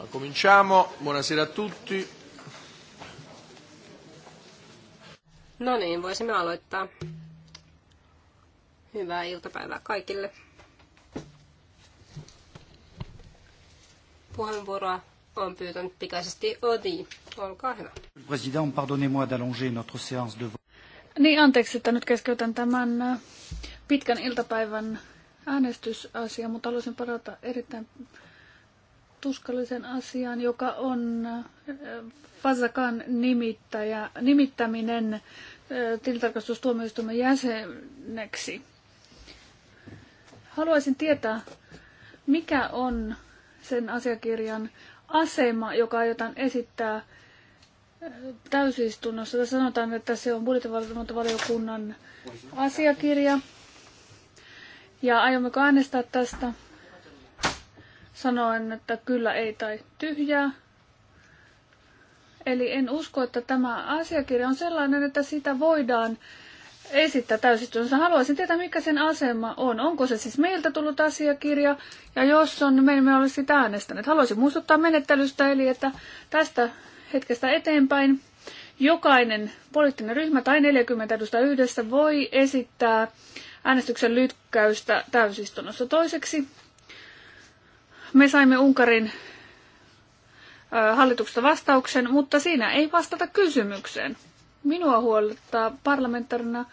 Allora, cominciamo. Buonasera a tutti. No niin, voisimme aloittaa. Hyvää iltapäivää kaikille. Puheenvuoroa on pyytänyt pikaisesti Odi. Olkaa hyvä. President, pardonnez-moi d'allonger notre séance de Niin, anteeksi, että nyt keskeytän tämän äh, pitkän iltapäivän äänestysasian, mutta haluaisin parata erittäin tuskallisen asian, joka on äh, Fazakan nimittäjä, nimittäminen äh, tilintarkastustuomioistuimen jäseneksi. Haluaisin tietää, mikä on sen asiakirjan asema, joka aiotaan esittää äh, täysistunnossa. Tässä sanotaan, että se on budjettivalvontavaliokunnan asiakirja. Ja aiommeko äänestää tästä? sanoen, että kyllä ei tai tyhjää. Eli en usko, että tämä asiakirja on sellainen, että sitä voidaan esittää täysistunnossa. Haluaisin tietää, mikä sen asema on. Onko se siis meiltä tullut asiakirja? Ja jos on, niin me emme ole sitä äänestäneet. Haluaisin muistuttaa menettelystä, eli että tästä hetkestä eteenpäin jokainen poliittinen ryhmä tai 40 edustajaa yhdessä voi esittää äänestyksen lykkäystä täysistunnossa. Toiseksi me saimme Unkarin hallituksesta vastauksen, mutta siinä ei vastata kysymykseen. Minua huolettaa parlamentarina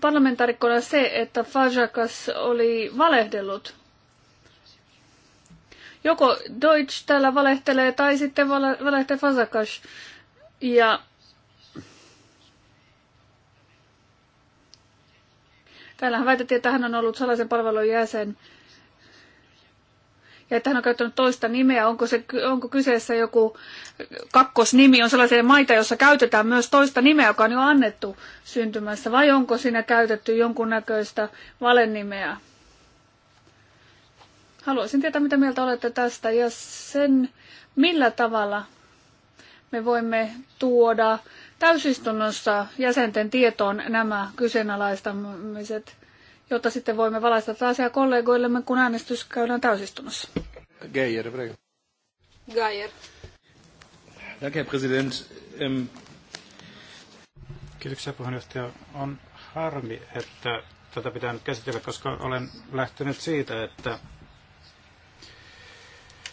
parlamentaarikkona se, että Fajakas oli valehdellut. Joko Deutsch täällä valehtelee tai sitten valehtelee Fajakas. Ja Täällähän väitettiin, että hän on ollut salaisen palvelun jäsen ja että hän on käyttänyt toista nimeä. Onko, se, onko kyseessä joku kakkosnimi? On sellaisia maita, jossa käytetään myös toista nimeä, joka on jo annettu syntymässä, vai onko siinä käytetty jonkunnäköistä valennimeä? Haluaisin tietää, mitä mieltä olette tästä ja sen, millä tavalla me voimme tuoda täysistunnossa jäsenten tietoon nämä kyseenalaistamiset jotta sitten voimme valaista taas ja kollegoillemme, kun äänestys käydään täysistunnossa. Geijer, Geijer. Danke, Herr Präsident. Ähm. Kiitoksia puheenjohtaja. On harmi, että tätä pitää nyt käsitellä, koska olen lähtenyt siitä, että,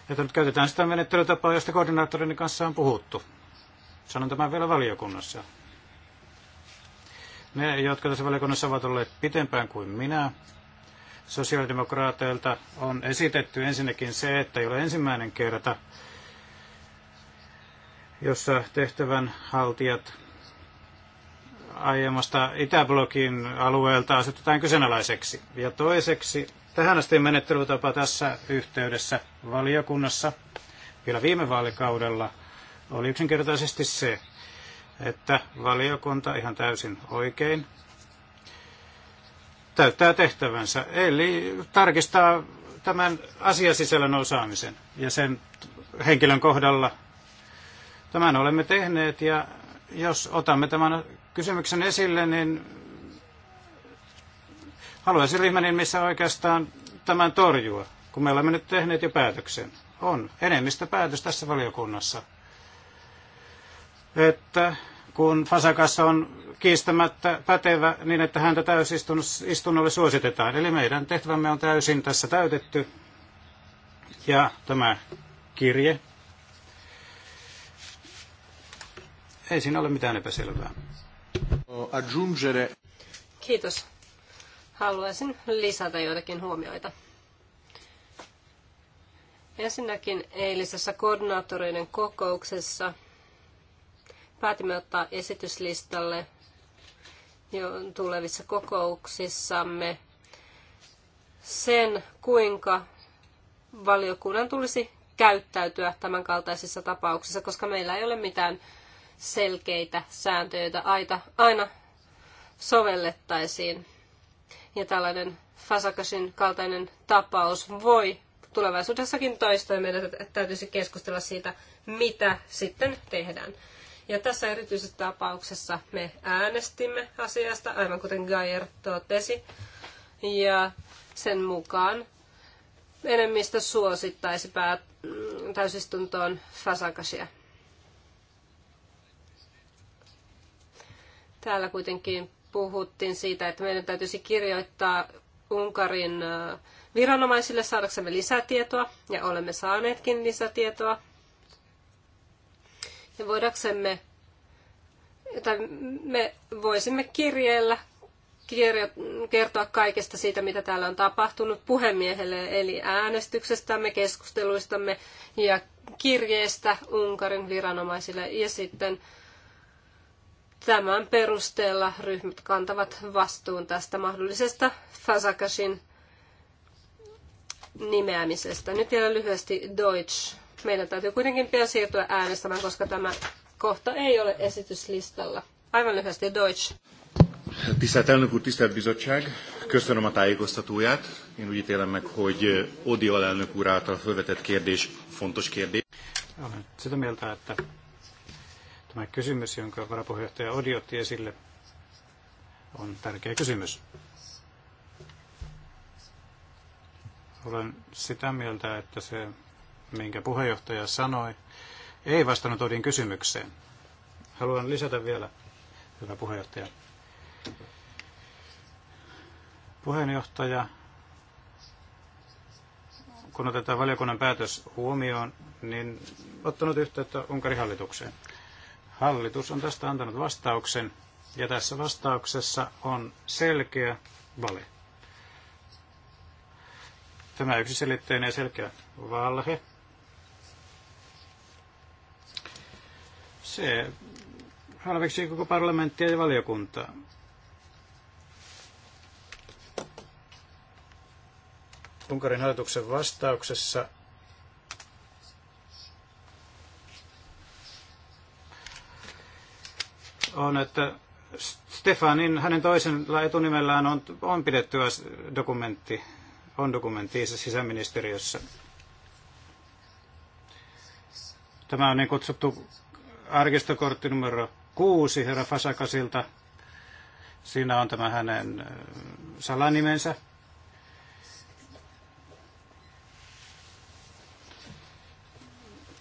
että nyt käytetään sitä menettelytapaa, josta koordinaattorin kanssa on puhuttu. Sanon tämän vielä valiokunnassa. Ne, jotka tässä valiokunnassa ovat olleet pitempään kuin minä, sosiaalidemokraateilta on esitetty ensinnäkin se, että ei ole ensimmäinen kerta, jossa tehtävän haltijat aiemmasta Itäblogin alueelta asetetaan kyseenalaiseksi. Ja toiseksi tähän asti menettelytapa tässä yhteydessä valiokunnassa vielä viime vaalikaudella oli yksinkertaisesti se, että valiokunta ihan täysin oikein täyttää tehtävänsä, eli tarkistaa tämän asiasisällön osaamisen ja sen henkilön kohdalla. Tämän olemme tehneet ja jos otamme tämän kysymyksen esille, niin haluaisin ryhmän missä oikeastaan tämän torjua, kun me olemme nyt tehneet jo päätöksen. On enemmistö päätös tässä valiokunnassa, että kun Fasakas on kiistämättä pätevä niin, että häntä täysistunnolle suositetaan. Eli meidän tehtävämme on täysin tässä täytetty. Ja tämä kirje. Ei siinä ole mitään epäselvää. Kiitos. Haluaisin lisätä joitakin huomioita. Ensinnäkin eilisessä koordinaattoreiden kokouksessa päätimme ottaa esityslistalle jo tulevissa kokouksissamme sen, kuinka valiokunnan tulisi käyttäytyä tämän kaltaisissa tapauksissa, koska meillä ei ole mitään selkeitä sääntöjä, joita aina sovellettaisiin. Ja tällainen Fasakasin kaltainen tapaus voi tulevaisuudessakin toistua. Meidän täytyisi keskustella siitä, mitä sitten tehdään. Ja tässä erityisessä tapauksessa me äänestimme asiasta, aivan kuten Geyer totesi. Ja sen mukaan enemmistö suosittaisi pää, mm, täysistuntoon Fasakasia. Täällä kuitenkin puhuttiin siitä, että meidän täytyisi kirjoittaa Unkarin viranomaisille saadaksemme lisätietoa, ja olemme saaneetkin lisätietoa. Ja voidaksemme, tai me voisimme kirjeellä kertoa kaikesta siitä, mitä täällä on tapahtunut puhemiehelle, eli äänestyksestämme, keskusteluistamme ja kirjeestä Unkarin viranomaisille. Ja sitten tämän perusteella ryhmät kantavat vastuun tästä mahdollisesta Fasakashin nimeämisestä. Nyt vielä lyhyesti Deutsch meidän täytyy kuitenkin pian siirtyä äänestämään, koska tämä kohta ei ole esityslistalla. Aivan lyhyesti Deutsch. Tisztelt elnök úr, tisztelt bizottság! Köszönöm a tájékoztatóját. Én úgy ítélem meg, hogy Odi alelnök úr által felvetett kérdés fontos kérdés. Olen sitä mieltä, että tämä kysymys, jonka varapuheenjohtaja Odi otti esille, on tärkeä kysymys. Olen sitä mieltä, että se minkä puheenjohtaja sanoi, ei vastannut Odin kysymykseen. Haluan lisätä vielä, hyvä puheenjohtaja. Puheenjohtaja, kun otetaan valiokunnan päätös huomioon, niin ottanut yhteyttä Unkarin hallitukseen. Hallitus on tästä antanut vastauksen, ja tässä vastauksessa on selkeä vale. Tämä yksiselitteinen ja selkeä valhe Se halveksii koko parlamenttia ja valiokuntaa. Unkarin hallituksen vastauksessa on, että Stefanin, hänen toisella etunimellään on, on pidetty dokumentti, on dokumentti siis sisäministeriössä. Tämä on niin kutsuttu arkistokortti numero kuusi herra Fasakasilta. Siinä on tämä hänen salanimensä.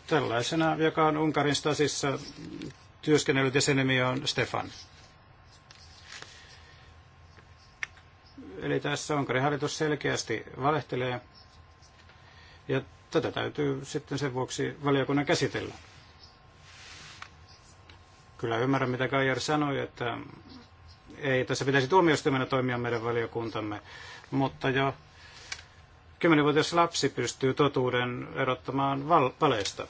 Tällaisena, joka on Unkarin stasissa työskennellyt ja sen nimi on Stefan. Eli tässä Unkarin hallitus selkeästi valehtelee ja tätä täytyy sitten sen vuoksi valiokunnan käsitellä. Kyllä ymmärrän, mitä Kajar sanoi, että ei tässä pitäisi tuomioistuimena toimia meidän valiokuntamme, mutta jo kymmenenvuotias lapsi pystyy totuuden erottamaan val- valeista.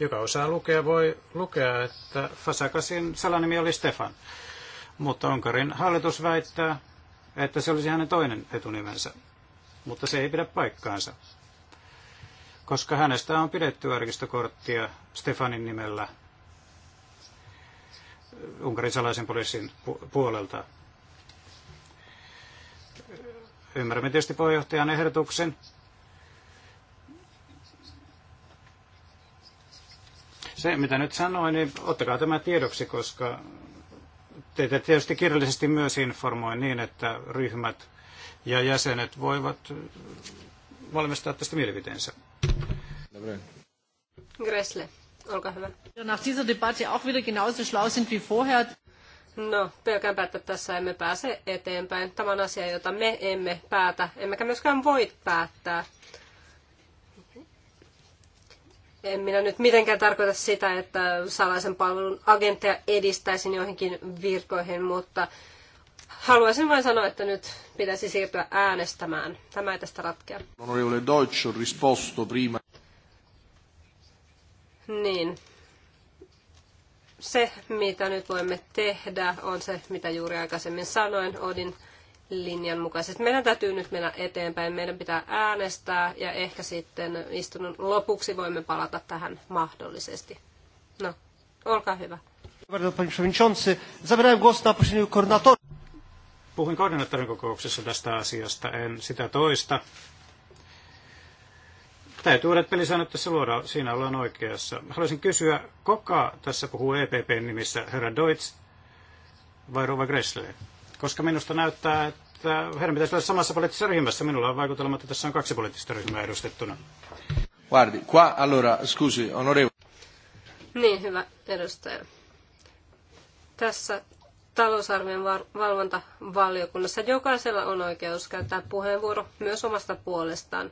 Joka osaa lukea, voi lukea, että Fasakasin salanimi oli Stefan. Mutta Onkarin hallitus väittää, että se olisi hänen toinen etunimensä. Mutta se ei pidä paikkaansa koska hänestä on pidetty arkistokorttia Stefanin nimellä Unkarin salaisen poliisin puolelta. Ymmärrämme tietysti puheenjohtajan ehdotuksen. Se, mitä nyt sanoin, niin ottakaa tämä tiedoksi, koska teitä tietysti kirjallisesti myös informoin niin, että ryhmät ja jäsenet voivat valmistaa tästä mielipiteensä. Gressle, olkaa hyvä. Nach dieser Debatte auch wieder genauso schlau sind wie vorher. No, pelkäänpä, että tässä emme pääse eteenpäin. Tämä on asia, jota me emme päätä, emmekä myöskään voi päättää. En minä nyt mitenkään tarkoita sitä, että salaisen palvelun agentteja edistäisin joihinkin virkoihin, mutta haluaisin vain sanoa, että nyt pitäisi siirtyä äänestämään. Tämä ei tästä ratkea. Deutsch on risposto prima niin se, mitä nyt voimme tehdä, on se, mitä juuri aikaisemmin sanoin Odin linjan mukaisesti. Meidän täytyy nyt mennä eteenpäin, meidän pitää äänestää ja ehkä sitten istunnon lopuksi voimme palata tähän mahdollisesti. No, olkaa hyvä. Puhuin koordinaattorin kokouksessa tästä asiasta, en sitä toista. Täytyy uudet pelisäännöt tässä luoda, siinä ollaan oikeassa. Haluaisin kysyä, koka tässä puhuu EPPn nimissä, herra Deutsch vai Rova Gressle? Koska minusta näyttää, että herra pitäisi olla samassa poliittisessa ryhmässä. Minulla on vaikutelma, että tässä on kaksi poliittista ryhmää edustettuna. Guardi, qua allora, scusi, onorevole. Niin, hyvä edustaja. Tässä talousarvion valvontavaliokunnassa jokaisella on oikeus käyttää puheenvuoro myös omasta puolestaan.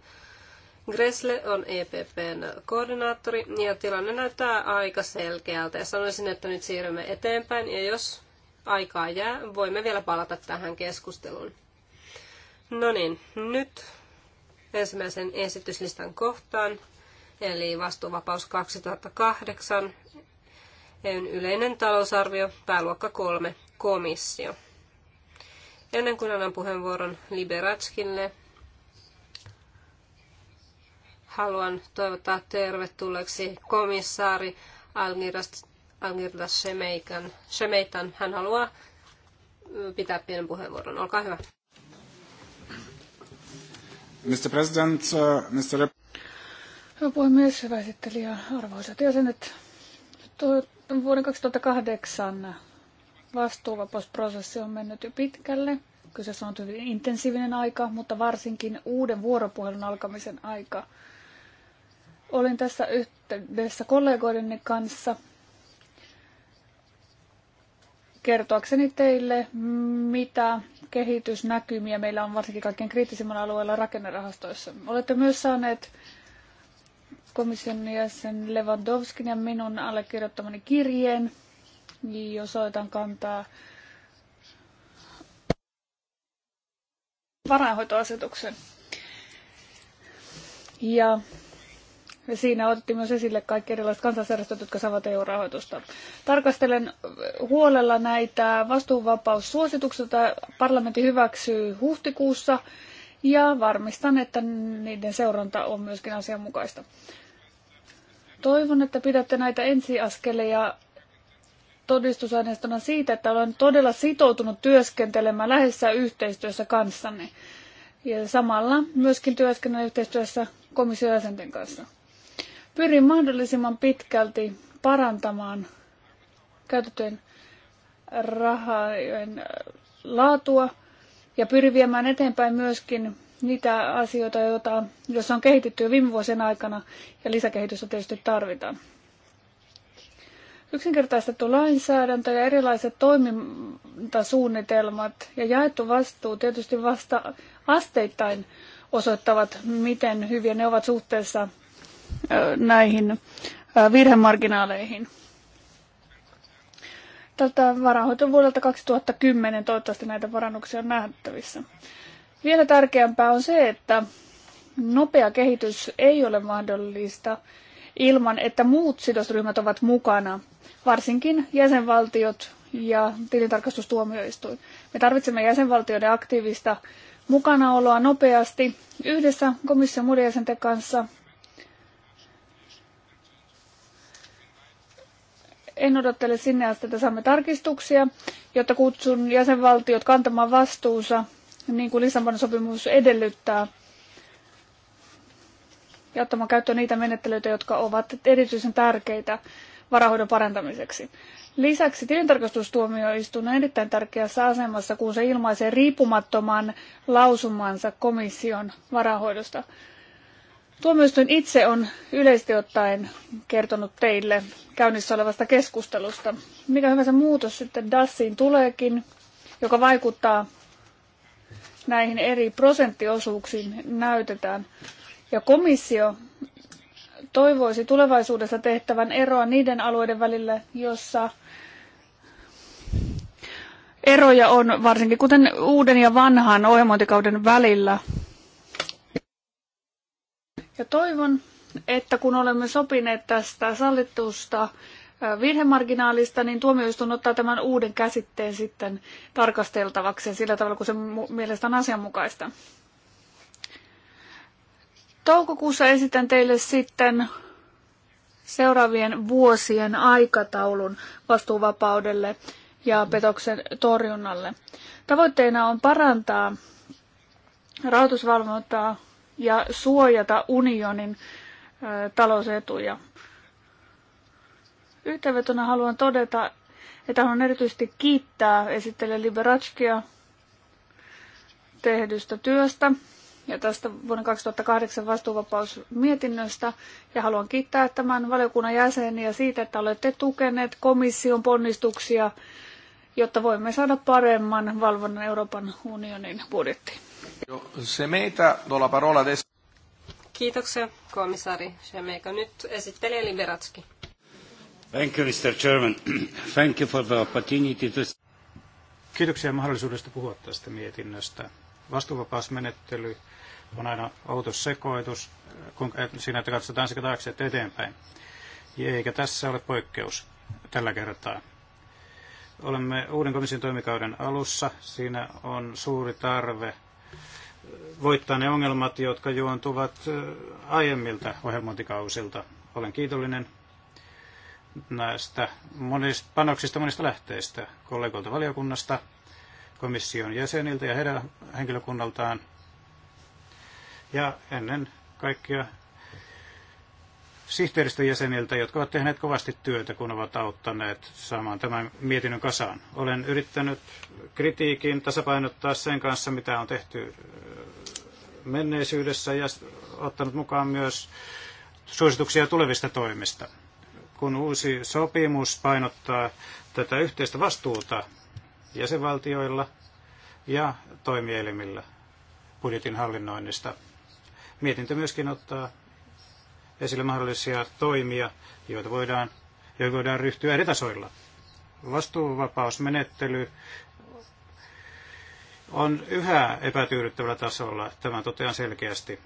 Gressle on EPPn koordinaattori ja tilanne näyttää aika selkeältä ja sanoisin, että nyt siirrymme eteenpäin ja jos aikaa jää, voimme vielä palata tähän keskusteluun. No niin, nyt ensimmäisen esityslistan kohtaan, eli vastuuvapaus 2008, EUn yleinen talousarvio, pääluokka 3, komissio. Ennen kuin annan puheenvuoron Liberatskille, haluan toivottaa tervetulleeksi komissaari Almirda Shemeikan. Shemeitan. Hän haluaa pitää pienen puheenvuoron. Olkaa hyvä. Mr. President, uh, Mr. Hyvä puhemies, hyvä esittelijä, arvoisat jäsenet. Vuoden 2008 vastuuvapausprosessi on mennyt jo pitkälle. Kyseessä on hyvin intensiivinen aika, mutta varsinkin uuden vuoropuhelun alkamisen aika. Olin tässä yhteydessä kollegoideni kanssa kertoakseni teille, mitä kehitysnäkymiä meillä on varsinkin kaikkein kriittisimman alueella rakennerahastoissa. Olette myös saaneet komission jäsen Lewandowskin ja minun allekirjoittamani kirjeen, osoitan kantaa varainhoitoasetuksen. Ja Siinä otettiin myös esille kaikki erilaiset kansalaisjärjestöt, jotka saavat EU-rahoitusta. Tarkastelen huolella näitä vastuuvapaussuosituksia, joita parlamentti hyväksyy huhtikuussa, ja varmistan, että niiden seuranta on myöskin asianmukaista. Toivon, että pidätte näitä ensiaskeleja todistusaineistona siitä, että olen todella sitoutunut työskentelemään läheisessä yhteistyössä kanssanne ja samalla myöskin työskennellä yhteistyössä komission jäsenten kanssa pyrin mahdollisimman pitkälti parantamaan käytettyjen rahojen laatua ja pyrin viemään eteenpäin myöskin niitä asioita, joita, joissa on kehitetty jo viime vuosien aikana ja lisäkehitystä tietysti tarvitaan. Yksinkertaistettu lainsäädäntö ja erilaiset toimintasuunnitelmat ja jaettu vastuu tietysti vasta asteittain osoittavat, miten hyviä ne ovat suhteessa näihin virhemarginaaleihin. Tältä varahoito vuodelta 2010 toivottavasti näitä parannuksia on nähtävissä. Vielä tärkeämpää on se, että nopea kehitys ei ole mahdollista ilman, että muut sidosryhmät ovat mukana, varsinkin jäsenvaltiot ja tilintarkastustuomioistuin. Me tarvitsemme jäsenvaltioiden aktiivista mukanaoloa nopeasti yhdessä komission muiden jäsenten kanssa En odottele sinne asti, että saamme tarkistuksia, jotta kutsun jäsenvaltiot kantamaan vastuunsa, niin kuin Lissabonin sopimus edellyttää, ja ottamaan käyttöön niitä menettelyitä, jotka ovat erityisen tärkeitä varahoidon parantamiseksi. Lisäksi tilintarkastustuomioistuin on erittäin tärkeässä asemassa, kun se ilmaisee riippumattoman lausumansa komission varahoidosta. Tuomioistuin itse on yleisesti ottaen kertonut teille käynnissä olevasta keskustelusta. Mikä hyvänsä muutos sitten DASiin tuleekin, joka vaikuttaa näihin eri prosenttiosuuksiin näytetään. Ja komissio toivoisi tulevaisuudessa tehtävän eroa niiden alueiden välillä, jossa eroja on, varsinkin kuten uuden ja vanhan ohjelmointikauden välillä – ja toivon, että kun olemme sopineet tästä sallitusta äh, virhemarginaalista, niin tuomioistuin ottaa tämän uuden käsitteen sitten tarkasteltavaksi sillä tavalla, kun se mielestäni on asianmukaista. Toukokuussa esitän teille sitten seuraavien vuosien aikataulun vastuuvapaudelle ja petoksen torjunnalle. Tavoitteena on parantaa rahoitusvalvontaa ja suojata unionin talousetuja. Yhteenvetona haluan todeta, että haluan erityisesti kiittää esittelijä Liberatskia tehdystä työstä ja tästä vuoden 2008 vastuuvapausmietinnöstä. Ja haluan kiittää tämän valiokunnan jäseniä siitä, että olette tukeneet komission ponnistuksia, jotta voimme saada paremman valvonnan Euroopan unionin budjettiin. Semeta, do la parola adesso. Kiitoksia, komissaari Semeka. Nyt esittelee Liberatski. Thank you, Mr. Chairman. Thank you for the opportunity to... Kiitoksia mahdollisuudesta puhua tästä mietinnöstä. Vastuuvapausmenettely on aina outo sekoitus kun, siinä, että katsotaan sekä taakse että eteenpäin. Eikä tässä ole poikkeus tällä kertaa. Olemme uuden komission toimikauden alussa. Siinä on suuri tarve voittaa ne ongelmat, jotka juontuvat äh, aiemmilta ohjelmointikausilta. Olen kiitollinen näistä monista panoksista monista lähteistä, kollegoilta valiokunnasta, komission jäseniltä ja heidän henkilökunnaltaan ja ennen kaikkea sihteeristön jäseniltä, jotka ovat tehneet kovasti työtä, kun ovat auttaneet saamaan tämän mietinnön kasaan. Olen yrittänyt kritiikin tasapainottaa sen kanssa, mitä on tehty menneisyydessä ja ottanut mukaan myös suosituksia tulevista toimista. Kun uusi sopimus painottaa tätä yhteistä vastuuta jäsenvaltioilla ja toimielimillä budjetin hallinnoinnista, mietintö myöskin ottaa esille mahdollisia toimia, joita voidaan, joita voidaan ryhtyä eri tasoilla. Vastuuvapausmenettely on yhä epätyydyttävällä tasolla, tämän totean selkeästi.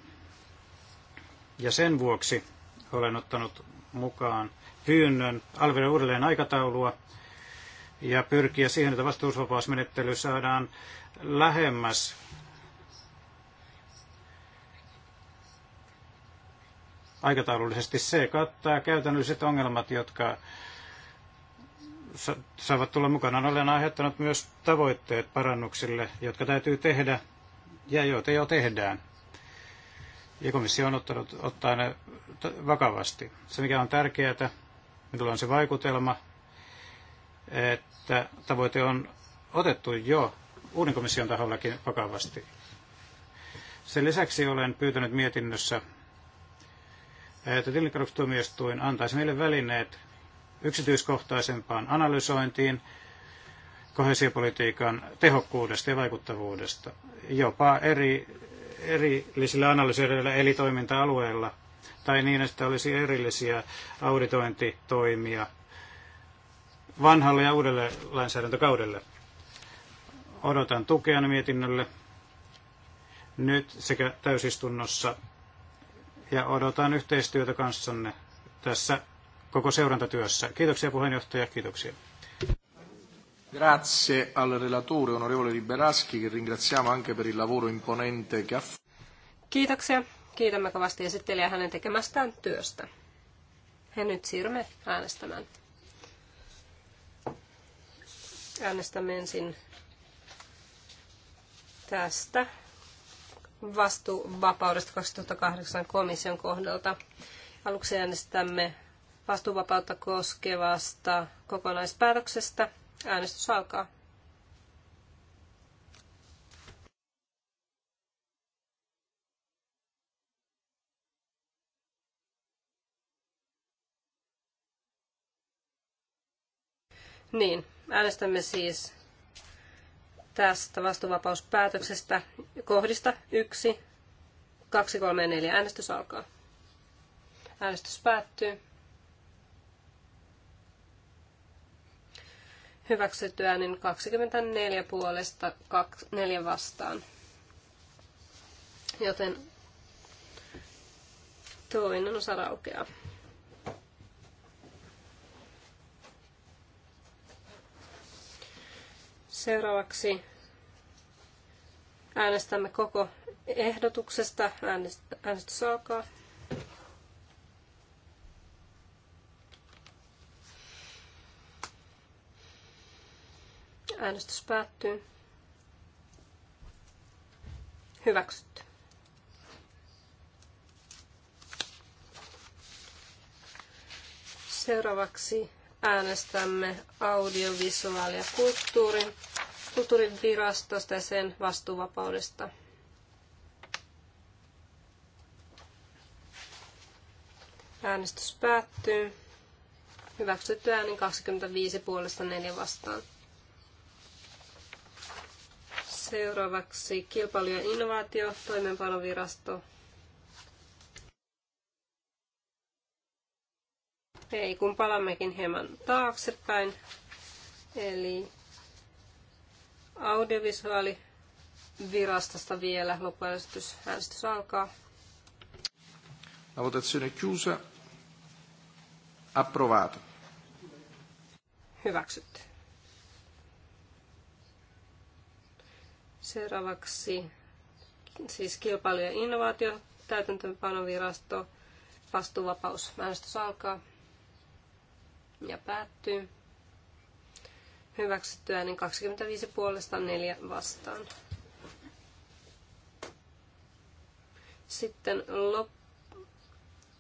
Ja sen vuoksi olen ottanut mukaan pyynnön Alvira uudelleen aikataulua ja pyrkiä siihen, että vastuusvapausmenettely saadaan lähemmäs aikataulullisesti. Se kattaa käytännölliset ongelmat, jotka saavat tulla mukana. Olen aiheuttanut myös tavoitteet parannuksille, jotka täytyy tehdä ja joita jo tehdään. Ja komissio on ottanut, ottaa ne vakavasti. Se, mikä on tärkeää, minulla on se vaikutelma, että tavoite on otettu jo uuden komission tahollakin vakavasti. Sen lisäksi olen pyytänyt mietinnössä että tilinkadostuomioistuin antaisi meille välineet yksityiskohtaisempaan analysointiin kohesiopolitiikan tehokkuudesta ja vaikuttavuudesta, jopa eri, erillisillä analysoidilla eli toiminta-alueilla, tai niin, että olisi erillisiä auditointitoimia vanhalle ja uudelle lainsäädäntökaudelle. Odotan tukea mietinnölle nyt sekä täysistunnossa ja odotan yhteistyötä kanssanne tässä koko seurantatyössä. Kiitoksia puheenjohtaja, kiitoksia. Grazie al relatore onorevole Liberaschi che ringraziamo anche per il lavoro imponente che ha Kiitoksia. Kiitämme kovasti esittelijä hänen tekemästään työstä. Ja nyt siirrymme äänestämään. Äänestämme ensin tästä vastuuvapaudesta 2008 komission kohdalta. Aluksi äänestämme vastuuvapautta koskevasta kokonaispäätöksestä. Äänestys alkaa. Niin, äänestämme siis tästä vastuuvapauspäätöksestä kohdista 1, 2, 3 ja 4. Äänestys alkaa. Äänestys päättyy. Hyväksytty äänin 24 puolesta 4 vastaan. Joten toinen osa raukeaa. Seuraavaksi äänestämme koko ehdotuksesta. Äänestys alkaa. Äänestys päättyy. Hyväksytty. Seuraavaksi äänestämme audiovisuaalia kulttuurin kulttuurivirastosta ja sen vastuuvapaudesta. Äänestys päättyy. Hyväksytty äänin 25 puolesta 4 vastaan. Seuraavaksi kilpailu- ja innovaatio, toimeenpanovirasto. Ei, kun palammekin hieman taaksepäin. Eli audiovisuaalivirastosta vielä. Loppuäänestys äänestys alkaa. La votazione chiusa. Approvato. Hyväksytty. Seuraavaksi siis kilpailu- ja innovaatio, täytäntöönpanovirasto, vastuuvapaus. Äänestys alkaa ja päättyy hyväksytty äänin 25 puolesta 4 vastaan. Sitten lop,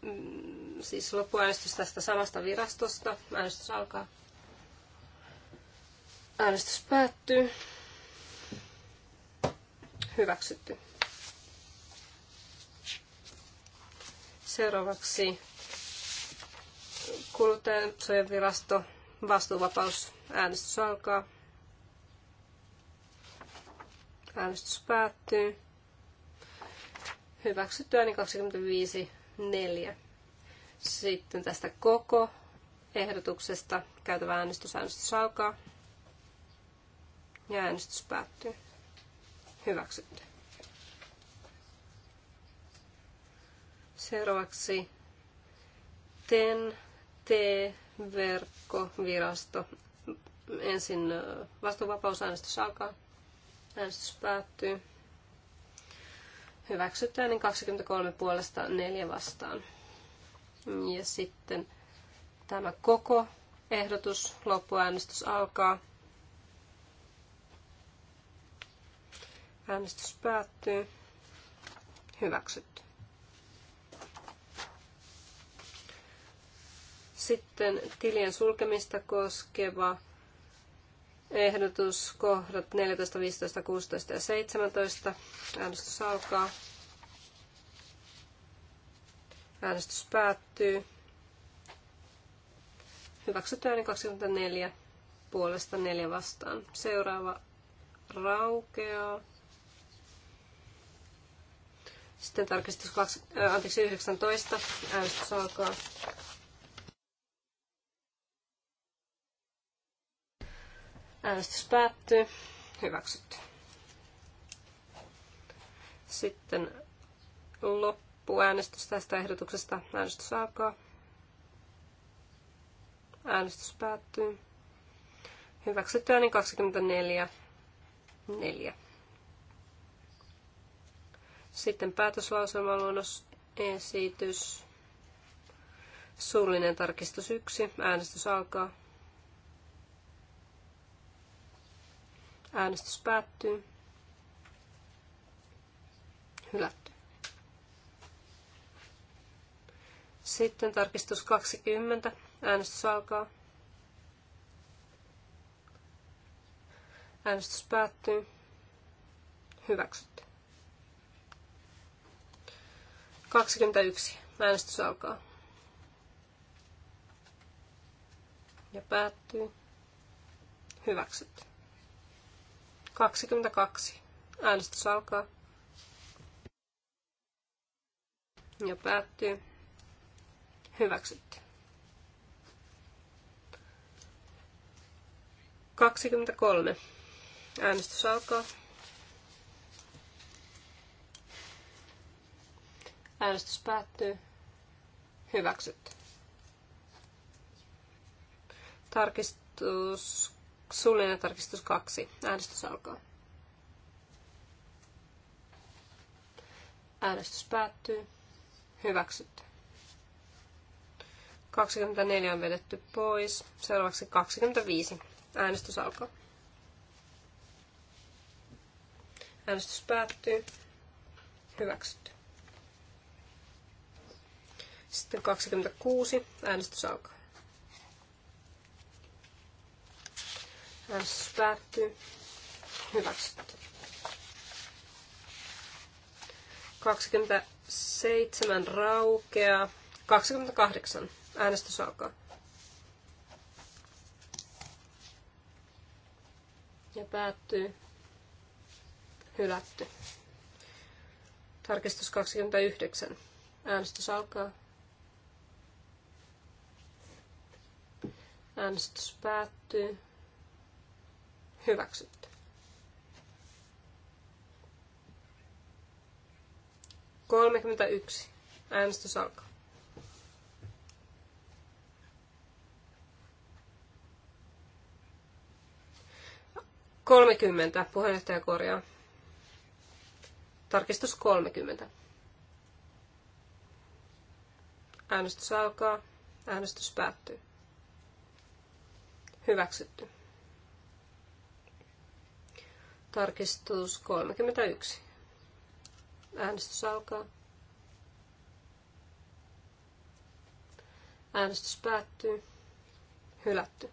mm, siis loppuäänestys tästä samasta virastosta. Äänestys alkaa. Äänestys päättyy. Hyväksytty. Seuraavaksi kuluttajansuojavirasto Vastuuvapaus. Äänestys alkaa. Äänestys päättyy. Hyväksytty ääni 25 4. Sitten tästä koko ehdotuksesta käytävä äänestys. Äänestys alkaa. Ja äänestys päättyy. Hyväksytty. Seuraavaksi TEN, T, verkkovirasto. Ensin vastuuvapausäänestys alkaa. Äänestys päättyy. Hyväksytään niin 23 puolesta 4 vastaan. Ja sitten tämä koko ehdotus, loppuäänestys alkaa. Äänestys päättyy. Hyväksytty. Sitten tilien sulkemista koskeva ehdotus, kohdat 14, 15, 16 ja 17. Äänestys alkaa. Äänestys päättyy. Hyväksytty ääni 24, puolesta 4 vastaan. Seuraava raukeaa. Sitten tarkistus 19. Äh, Äänestys alkaa. Äänestys päättyy. Hyväksytty. Sitten loppuäänestys tästä ehdotuksesta. Äänestys alkaa. Äänestys päättyy. Hyväksytty ääni 24. 4. Sitten päätöslauselmaluonnos esitys. Suullinen tarkistus 1. Äänestys alkaa. Äänestys päättyy. Hylätty. Sitten tarkistus 20. Äänestys alkaa. Äänestys päättyy. Hyväksytty. 21. Äänestys alkaa. Ja päättyy. Hyväksytty. 22. Äänestys alkaa. Ja päättyy. Hyväksytty. 23. Äänestys alkaa. Äänestys päättyy. Hyväksytty. Tarkistus Suullinen tarkistus 2. Äänestys alkaa. Äänestys päättyy. Hyväksytty. 24 on vedetty pois. Seuraavaksi 25. Äänestys alkaa. Äänestys päättyy. Hyväksytty. Sitten 26. Äänestys alkaa. Äänestys päättyy. Hyväksytty. 27 raukeaa. 28. Äänestys alkaa. Ja päättyy. Hylätty. Tarkistus 29. Äänestys alkaa. Äänestys päättyy hyväksytty. Kolmekymmentä yksi. Äänestys alkaa. Kolmekymmentä. Puheenjohtaja korjaa. Tarkistus kolmekymmentä. Äänestys alkaa. Äänestys päättyy. Hyväksytty. Tarkistus 31. Äänestys alkaa. Äänestys päättyy. Hylätty.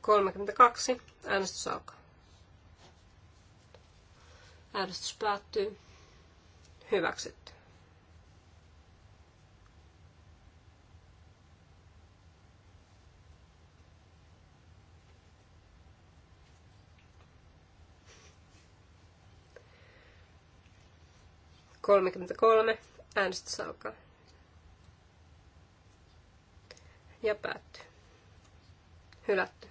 Kolmekymmentäkaksi. Äänestys alkaa. Äänestys päättyy. Hyväksytty. 33. Äänestys alkaa. Ja päättyy. Hylätty.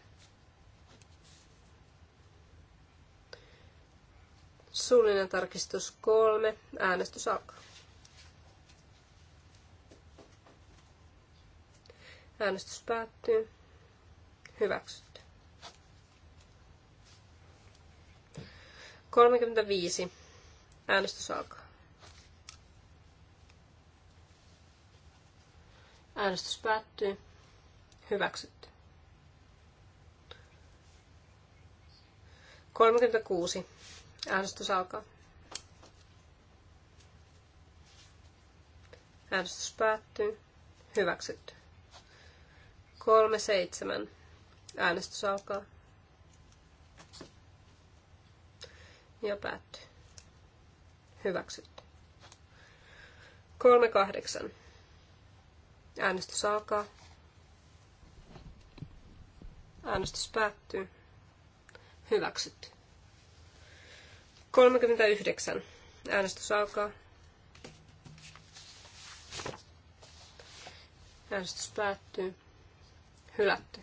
Suullinen tarkistus 3. Äänestys alkaa. Äänestys päättyy. Hyväksytty. 35. Äänestys alkaa. Äänestys päättyy. Hyväksytty. 36. Äänestys alkaa. Äänestys päättyy. Hyväksytty. 37. Äänestys alkaa. Ja päättyy. Hyväksytty. 38. Äänestys alkaa. Äänestys päättyy. Hyväksytty. 39. Äänestys alkaa. Äänestys päättyy. Hylätty.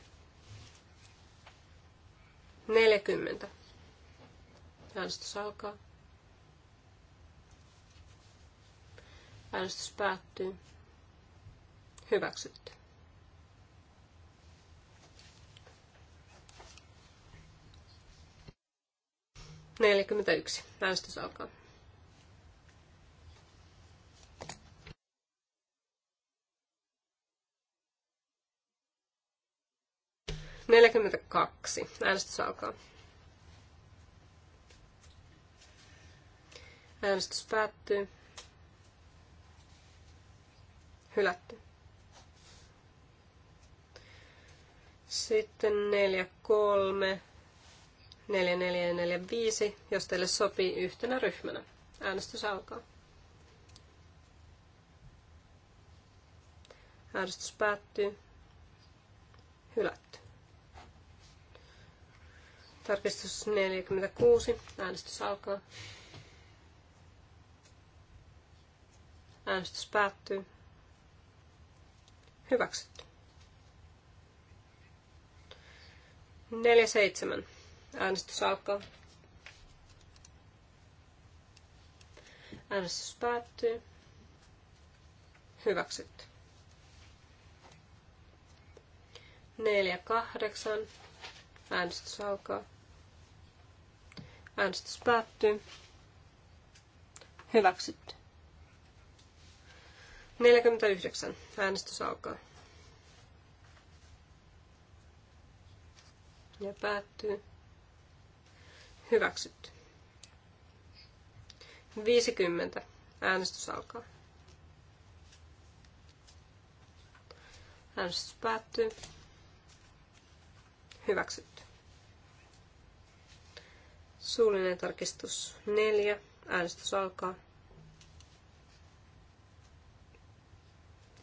40. Äänestys alkaa. Äänestys päättyy. Hyväksytty. yksi. Äänestys alkaa. kaksi. Äänestys alkaa. Äänestys päättyy. Hylätty. Sitten 4, 3, 4, 4 ja 4, 5, jos teille sopii yhtenä ryhmänä. Äänestys alkaa. Äänestys päättyy. Hylätty. Tarkistus 46. Äänestys alkaa. Äänestys päättyy. Hyväksytty. 47. Äänestys alkaa. Äänestys päättyy. Hyväksytty. 4.8. Äänestys alkaa. Äänestys päättyy. Hyväksytty. 49. Äänestys alkaa. ja päättyy. Hyväksytty. 50. Äänestys alkaa. Äänestys päättyy. Hyväksytty. Suullinen tarkistus 4. Äänestys alkaa.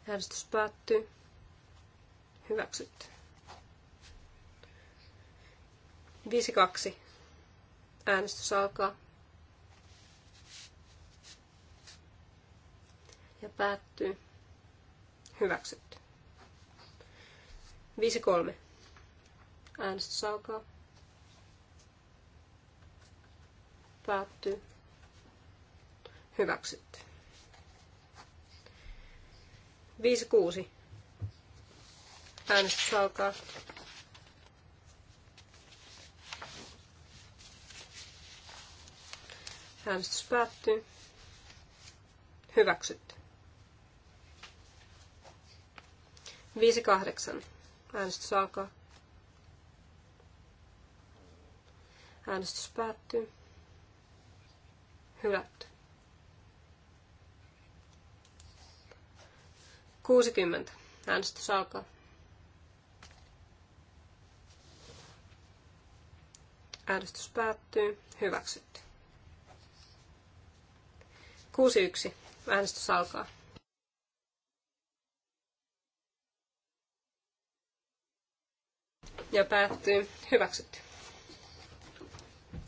Äänestys päättyy. Hyväksytty. 52. Äänestys alkaa. Ja päättyy. Hyväksytty. 53. Äänestys alkaa. Päättyy. Hyväksytty. 56. Äänestys alkaa. Äänestys päättyy. Hyväksytty. 5.8. Äänestys alkaa. Äänestys päättyy. Hylätty. 60. Äänestys alkaa. Äänestys päättyy. Hyväksytty. 61. Äänestys alkaa. Ja päättyy. Hyväksytty.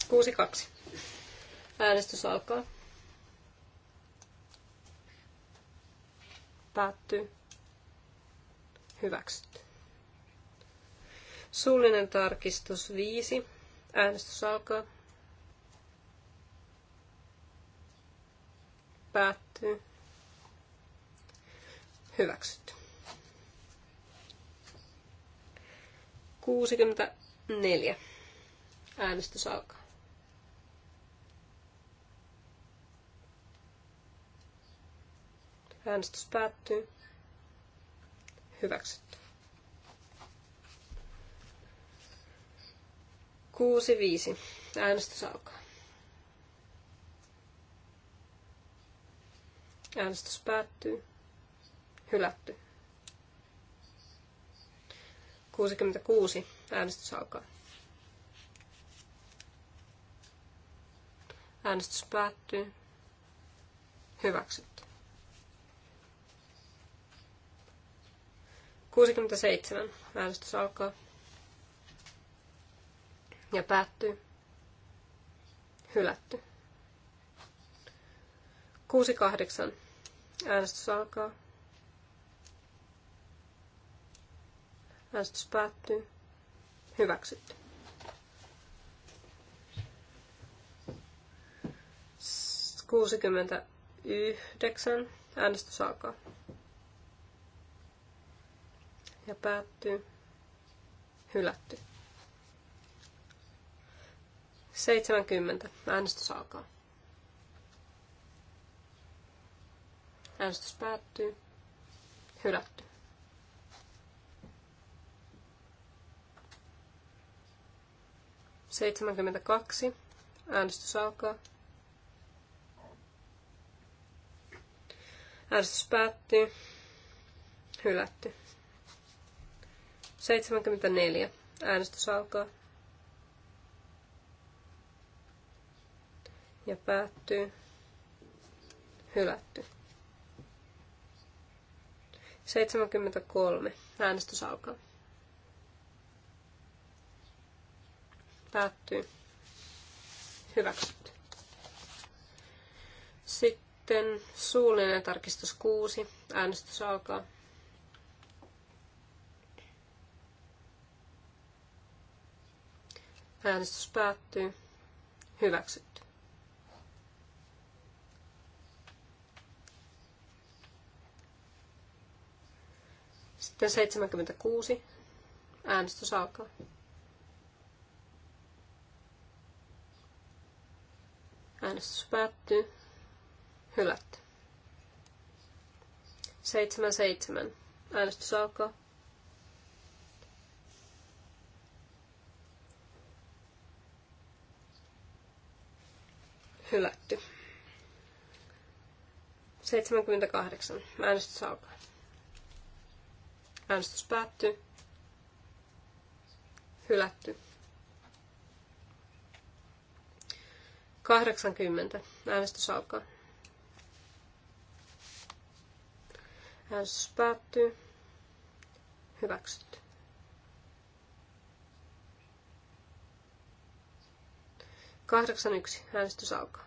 62. Äänestys alkaa. Päättyy. Hyväksytty. Suullinen tarkistus 5. Äänestys alkaa. Päättyy. Hyväksytty. 64. Äänestys alkaa. Äänestys päättyy. Hyväksytty. 6.5. Äänestys alkaa. Äänestys päättyy. Hylätty. 66. Äänestys alkaa. Äänestys päättyy. Hyväksytty. 67. Äänestys alkaa. Ja päättyy. Hylätty. 68. Äänestys alkaa. Äänestys päättyy. Hyväksytty. S 69. Äänestys alkaa. Ja päättyy. Hylätty. 70. Äänestys alkaa. Äänestys päättyy. Hylätty. Seitsemänkymmentäkaksi. Äänestys alkaa. Äänestys päättyy. Hylätty. 74. Äänestys alkaa. Ja päättyy. Hylätty. 73. Äänestys alkaa. Päättyy. Hyväksytty. Sitten suullinen tarkistus 6. Äänestys alkaa. Äänestys päättyy. Hyväksytty. Ja 76. Äänestys alkaa. Äänestys päättyy. Hylätty. 77. Äänestys alkaa. Hylätty. 78. Äänestys alkaa. Äänestys päättyy. Hylätty. 80. Äänestys alkaa. Äänestys päättyy. Hyväksytty. Kahdeksan yksi. Äänestys alkaa.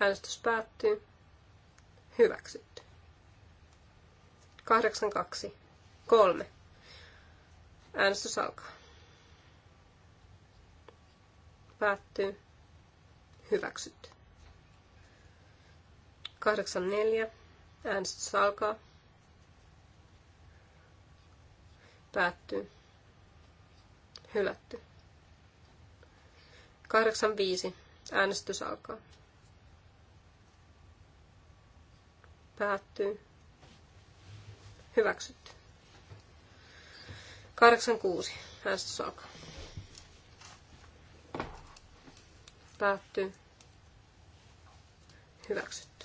Äänestys päättyy. Hyväksytty. 82. 3. Äänestys alkaa. Päättyy. Hyväksytty. 84. Äänestys alkaa. Päättyy. Hylätty. 85. Äänestys alkaa. Päättyy. Hyväksytty. 86. Äänestys alkaa. Päättyy. Hyväksytty.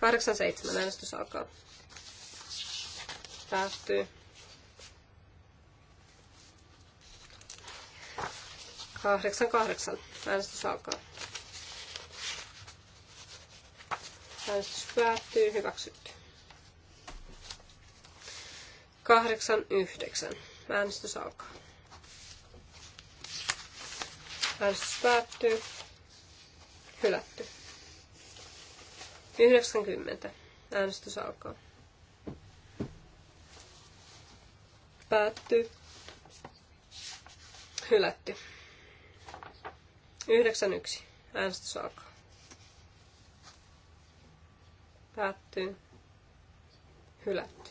Kahdeksan seitsemän äänestys alkaa. Päättyy. Kahdeksan kahdeksan äänestys alkaa. Äänestys päättyy. Hyväksytty. 8.9. Äänestys alkaa. Äänestys päättyy. Hylätty. 90. Äänestys alkaa. Päättyy. Hylätty. 91. Äänestys alkaa. Päättyy. Hylätty.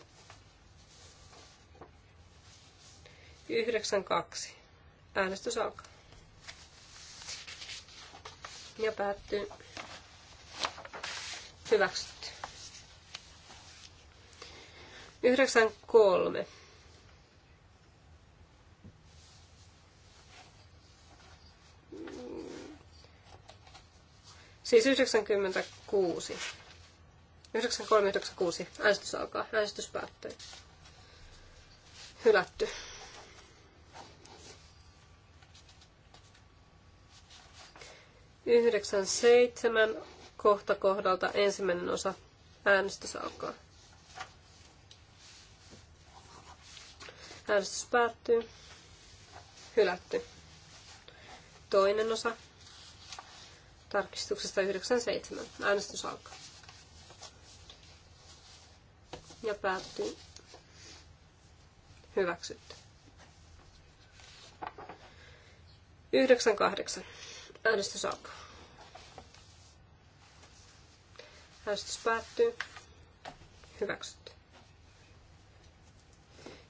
92. Äänestys alkaa. Ja päättyy. Hyväksytty. 93. Siis 96. 9396. Äänestys alkaa. Äänestys päättyy. Hylätty. Yhdeksän seitsemän kohta kohdalta ensimmäinen osa äänestys alkaa. Äänestys päättyy. Hylätty. Toinen osa tarkistuksesta seitsemän Äänestys alkaa ja päättyy. Hyväksytty. 98. Äänestys alkaa. Äänestys päättyy. Hyväksytty.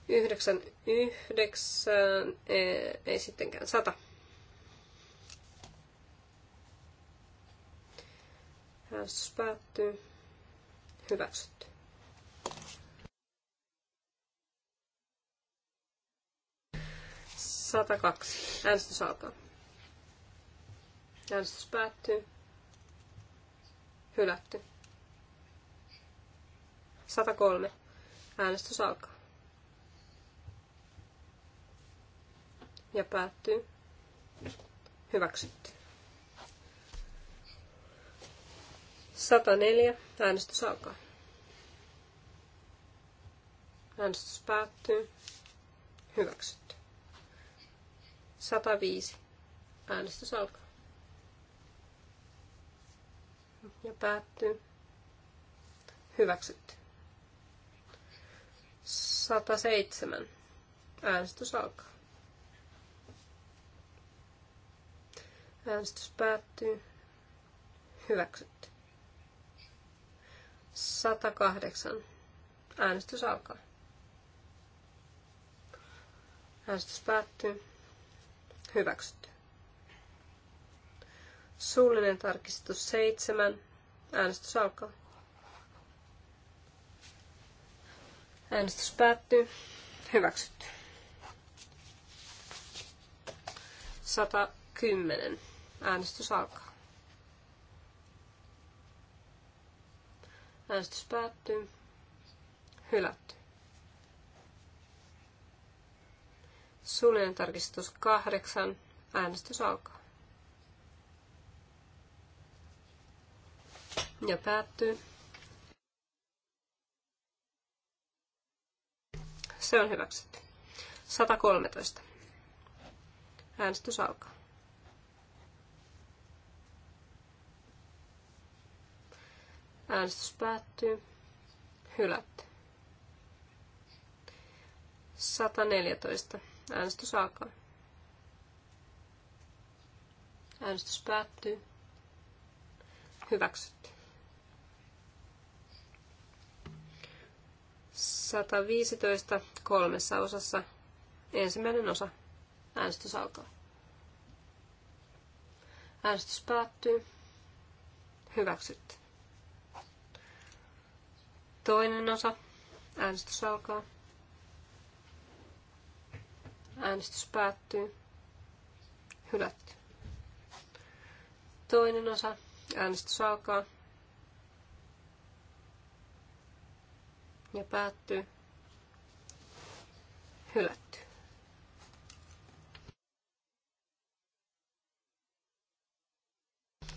99, ei, ei sittenkään 100. Äänestys päättyy. Hyväksytty. 102. Äänestys alkaa. Äänestys päättyy. Hylätty. 103. Äänestys alkaa. Ja päättyy. Hyväksytty. 104. Äänestys alkaa. Äänestys päättyy. Hyväksytty. 105. Äänestys alkaa. Ja päättyy. Hyväksytty. 107. Äänestys alkaa. Äänestys päättyy. Hyväksytty. 108. Äänestys alkaa. Äänestys päättyy. Hyväksytty. Suullinen tarkistus 7. Äänestys alkaa. Äänestys päättyy. Hyväksytty. 110. Äänestys alkaa. Äänestys päättyy. Hylätty. Suljen tarkistus kahdeksan. Äänestys alkaa. Ja päättyy. Se on hyväksytty. 113. Äänestys alkaa. Äänestys päättyy. Hylätty. 114. Äänestys alkaa. Äänestys päättyy. Hyväksytty. 115 kolmessa osassa. Ensimmäinen osa. Äänestys alkaa. Äänestys päättyy. Hyväksytty. Toinen osa. Äänestys alkaa. Äänestys päättyy. Hylätty. Toinen osa. Äänestys alkaa. Ja päättyy. Hylätty.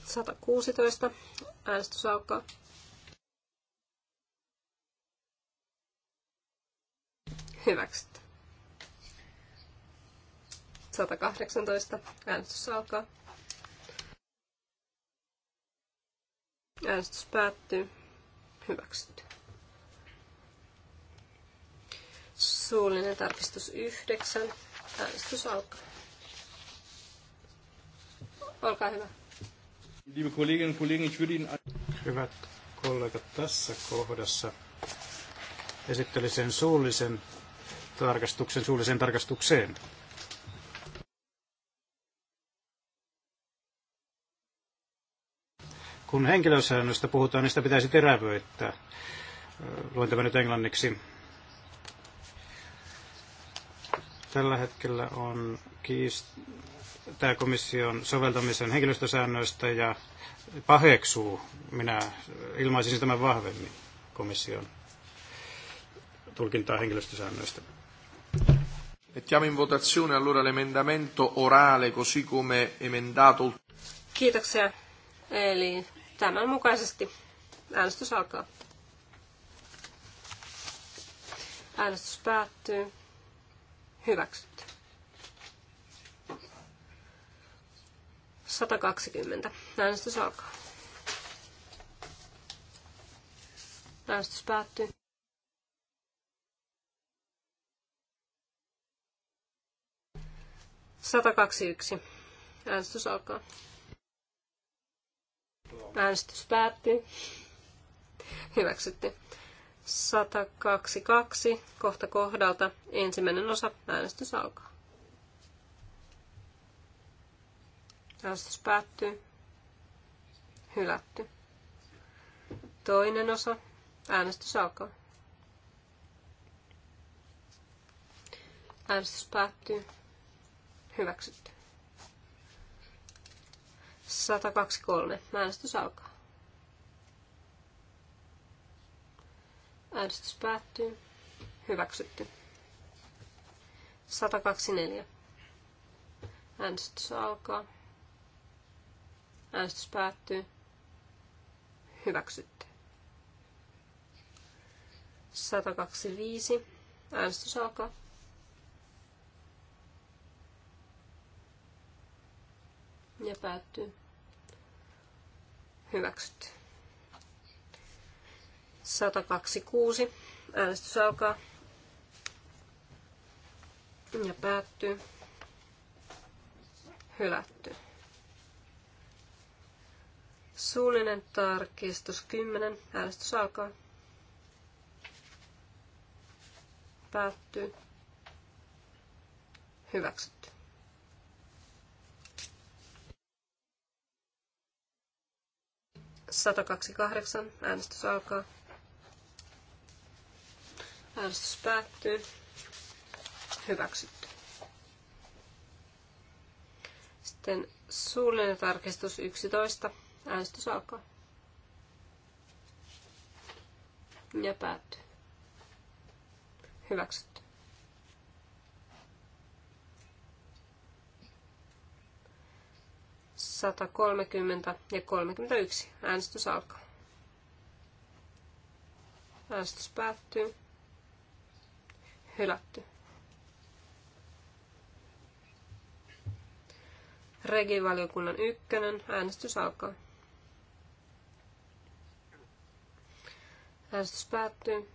Sata kuusitoista. Äänestys alkaa. Hyväksytty. 118. Äänestys alkaa. Äänestys päättyy. Hyväksytty. Suullinen tarkistus 9. Äänestys alkaa. Olkaa hyvä. Liebe Kolleginnen und Kollegen, ich würde Ihnen... Hyvät kollegat, tässä kohdassa esitteli sen suullisen tarkastuksen suulliseen tarkastukseen. Kun henkilösäännöstä puhutaan, niistä pitäisi terävöittää. Luen tämän nyt englanniksi. Tällä hetkellä on kiist- tämä komission soveltamisen henkilöstösäännöistä ja paheksuu, minä ilmaisin tämän vahvemmin komission tulkintaa henkilöstösäännöistä. Mettiamo in votazione allora l'emendamento orale così come emendato. Kiitoksia. Eli Tämän mukaisesti äänestys alkaa. Äänestys päättyy. Hyväksytty. 120. Äänestys alkaa. Äänestys päättyy. Satakaksi yksi. Äänestys alkaa. Äänestys päättyy. Hyväksytty. 122 kohta kohdalta ensimmäinen osa äänestys alkaa. Äänestys päättyy. Hylätty. Toinen osa äänestys alkaa. Äänestys päättyy. Hyväksytty. 123. Äänestys alkaa. Äänestys päättyy. Hyväksytty. 124. Äänestys alkaa. Äänestys päättyy. Hyväksytty. 125. Äänestys alkaa. Ja päättyy. Hyväksytty. 126. Äänestys alkaa. Ja päättyy. Hylätty. Suullinen tarkistus 10. Äänestys alkaa. Päättyy. Hyväksytty. 128. Äänestys alkaa. Äänestys päättyy. Hyväksytty. Sitten suullinen tarkistus 11. Äänestys alkaa. Ja päättyy. Hyväksytty. 130 ja 31. Äänestys alkaa. Äänestys päättyy. Hylätty. Regivaliokunnan ykkönen. Äänestys alkaa. Äänestys päättyy.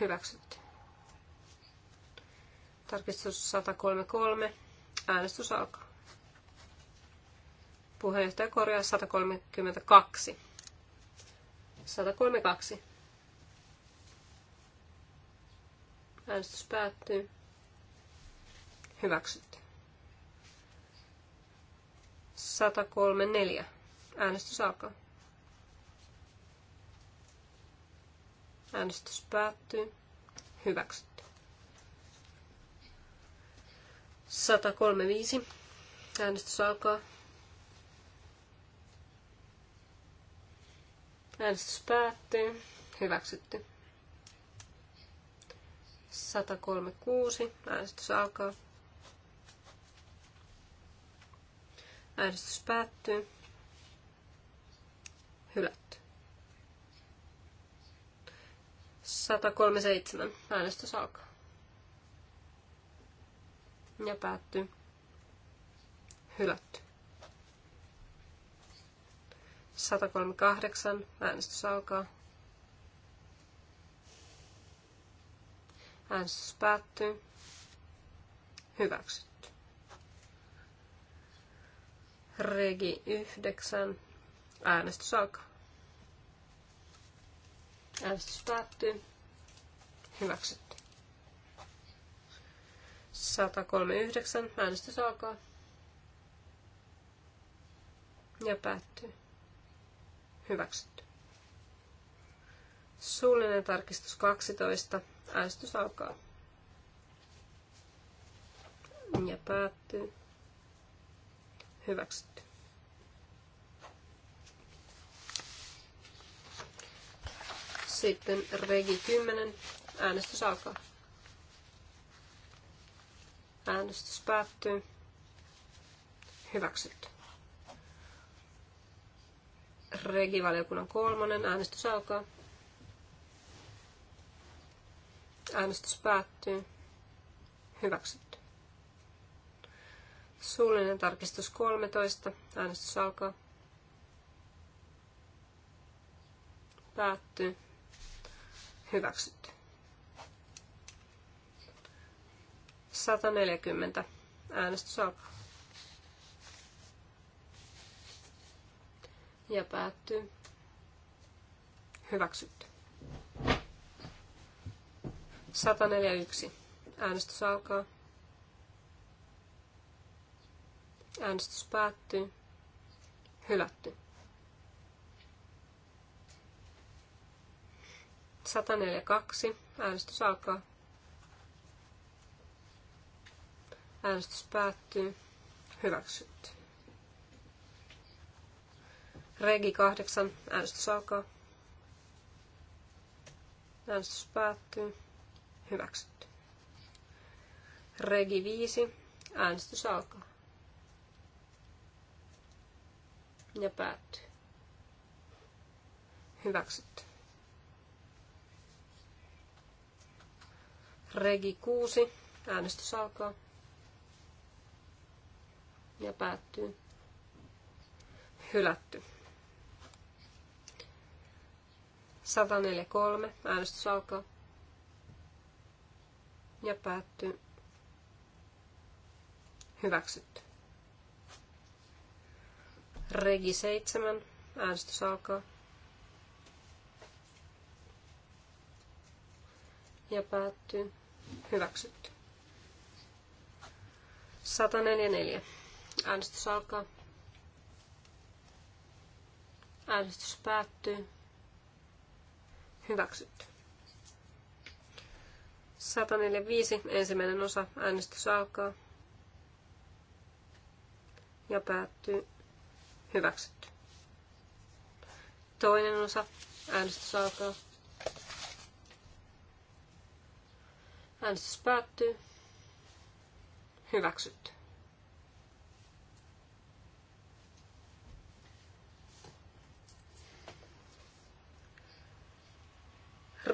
Hyväksytty. Tarkistus 133. Äänestys alkaa. Puheenjohtaja korjaa 132. 132. Äänestys päättyy. Hyväksytty. 134. Äänestys alkaa. Äänestys päättyy. Hyväksytty. 135. Äänestys alkaa. Äänestys päättyy. Hyväksytty. 136. Äänestys alkaa. Äänestys päättyy. Hylätty. 137. Äänestys alkaa. Ja päättyy. Hylätty. 138. Äänestys alkaa. Äänestys päättyy. Hyväksytty. Regi 9. Äänestys alkaa. Äänestys päättyy. Hyväksytty. 139. Äänestys alkaa. Ja päättyy. Hyväksytty. Suullinen tarkistus 12. Äänestys alkaa. Ja päättyy. Hyväksytty. Sitten regi 10. Äänestys alkaa. Äänestys päättyy. Hyväksytty. Regivaliokunnan kolmonen. Äänestys alkaa. Äänestys päättyy. Hyväksytty. Suullinen tarkistus 13. Äänestys alkaa. Päättyy. Hyväksytty. 140. Äänestys alkaa. ja päättyy. Hyväksytty. 141. Äänestys alkaa. Äänestys päättyy. Hylätty. 142. Äänestys alkaa. Äänestys päättyy. Hyväksytty. Regi 8. Äänestys alkaa. Äänestys päättyy. Hyväksytty. Regi 5. Äänestys alkaa. Ja päättyy. Hyväksytty. Regi 6. Äänestys alkaa. Ja päättyy. Hylätty. 143. Äänestys alkaa. Ja päättyy. Hyväksytty. Regi 7. Äänestys alkaa. Ja päättyy. Hyväksytty. 144. Äänestys alkaa. Äänestys päättyy. Hyväksytty. 145. Ensimmäinen osa. Äänestys alkaa. Ja päättyy. Hyväksytty. Toinen osa. Äänestys alkaa. Äänestys päättyy. Hyväksytty.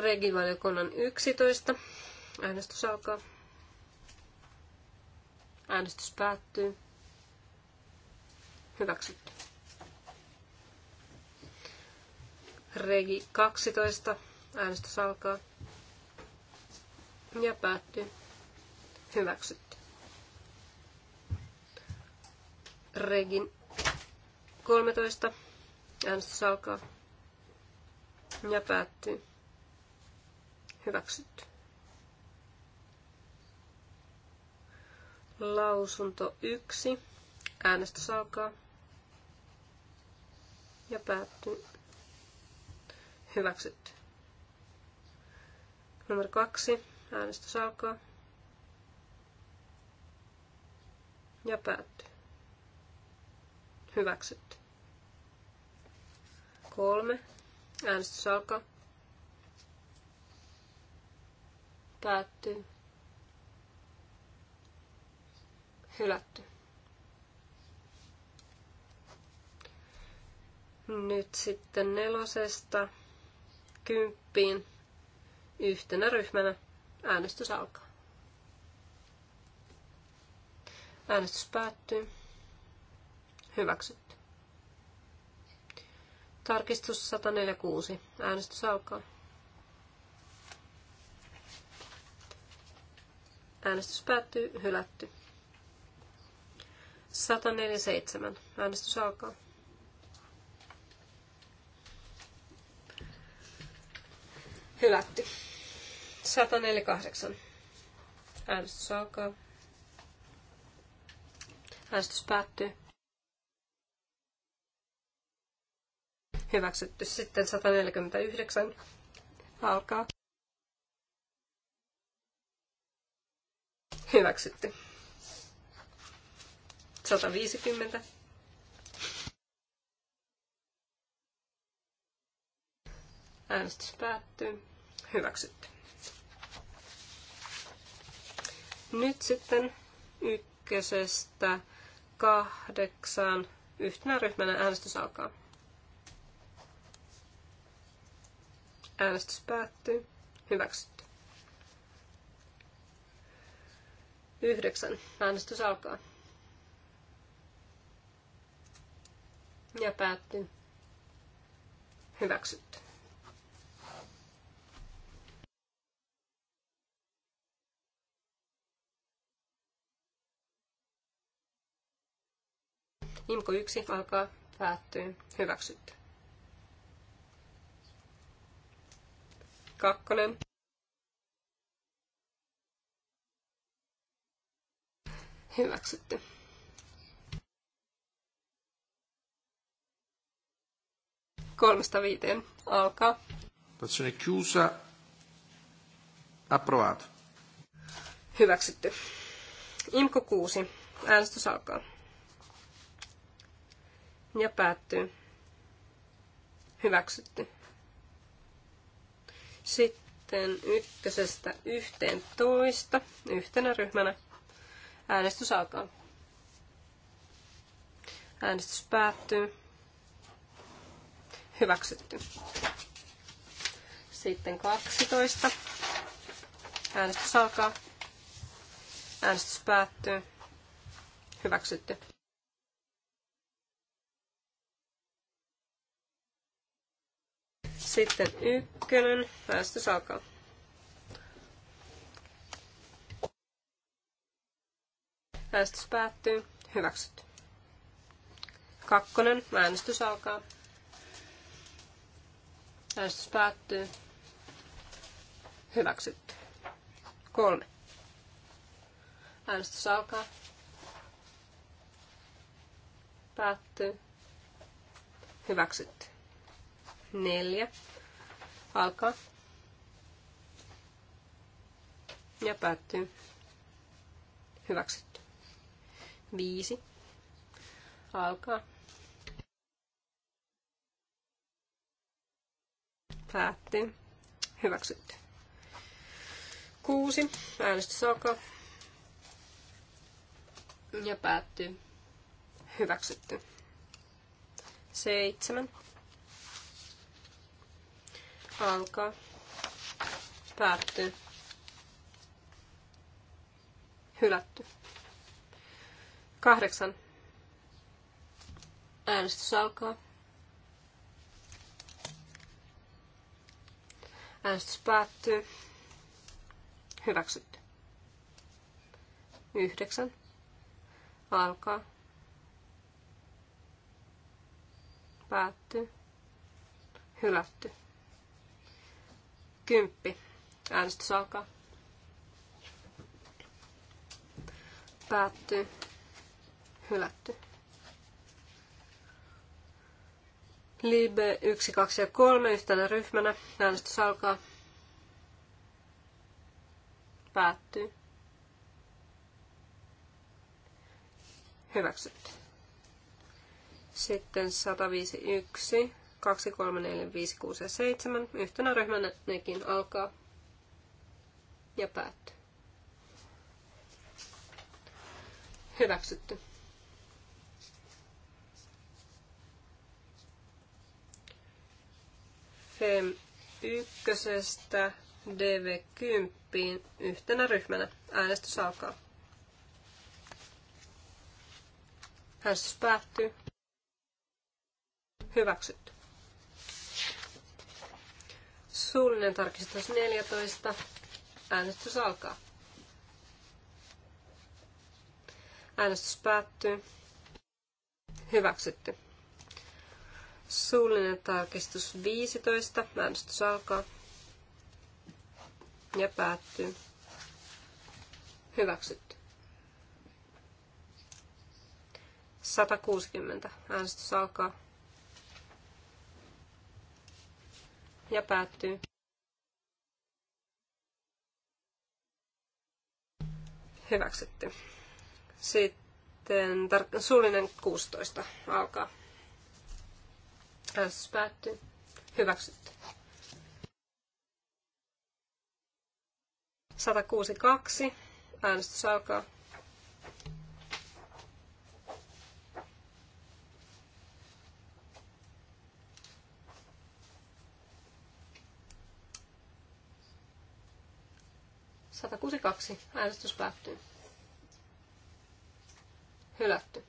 Regivaliokunnan 11. Äänestys alkaa. Äänestys päättyy. Hyväksytty. Regi 12. Äänestys alkaa. Ja päättyy. Hyväksytty. regi 13. Äänestys alkaa. Ja päättyy. Hyväksytty. Lausunto 1. Äänestys alkaa. Ja päättyy. Hyväksytty. Numero 2. Äänestys alkaa. Ja päättyy. Hyväksytty. 3. Äänestys alkaa. Päättyy. Hylätty. Nyt sitten nelosesta kymppiin yhtenä ryhmänä äänestys alkaa. Äänestys päättyy. Hyväksytty. Tarkistus 146. Äänestys alkaa. Äänestys päättyy. Hylätty. 147. Äänestys alkaa. Hylätty. 148. Äänestys alkaa. Äänestys päättyy. Hyväksytty. Sitten 149. Alkaa. Hyväksytty. 150. Äänestys päättyy. Hyväksytty. Nyt sitten ykkösestä kahdeksaan yhtenä ryhmänä äänestys alkaa. Äänestys päättyy. Hyväksytty. Yhdeksän. Äänestys alkaa. Ja päättyy. Hyväksytty. Imko 1 alkaa päättyy. Hyväksytty. Kakkonen. hyväksytty. Kolmesta viiteen alkaa. Votazione chiusa. Approvato. Hyväksytty. Imko 6. Äänestys alkaa. Ja päättyy. Hyväksytty. Sitten ykkösestä yhteen toista yhtenä ryhmänä Äänestys alkaa. Äänestys päättyy. Hyväksytty. Sitten 12. Äänestys alkaa. Äänestys päättyy. Hyväksytty. Sitten ykkönen. Äänestys alkaa. Äänestys päättyy. Hyväksytty. Kakkonen. Äänestys alkaa. Äänestys päättyy. Hyväksytty. Kolme. Äänestys alkaa. Päättyy. Hyväksytty. Neljä. Alkaa. Ja päättyy. Hyväksytty. Viisi. Alkaa. Päättyy. Hyväksytty. Kuusi. Äänestys alkaa. Ja päättyy. Hyväksytty. Seitsemän. Alkaa. Päättyy. Hylätty. Kahdeksan. Äänestys alkaa. Äänestys päättyy. Hyväksytty. Yhdeksän. Alkaa. Päättyy. Hylätty. Kymppi. Äänestys alkaa. Päättyy. Hylätty. Libe 1, 2 ja 3 yhtenä ryhmänä. Äänestys alkaa. Päättyy. Hyväksytty. Sitten 151, 2, 3, 4, 5, 6 ja 7. Yhtenä ryhmänä nekin alkaa ja päättyy. Hyväksytty. FEM1 DV10 yhtenä ryhmänä. Äänestys alkaa. Äänestys päättyy. Hyväksytty. Suullinen tarkistus 14. Äänestys alkaa. Äänestys päättyy. Hyväksytty. Suullinen tarkistus 15. Äänestys alkaa ja päättyy. Hyväksytty. 160. Äänestys alkaa. Ja päättyy. Hyväksytty. Sitten tar- suullinen 16 alkaa. Äänestys päättyy. Hyväksytty. 162. Äänestys alkaa. kaksi. Äänestys päättyy. Hylätty.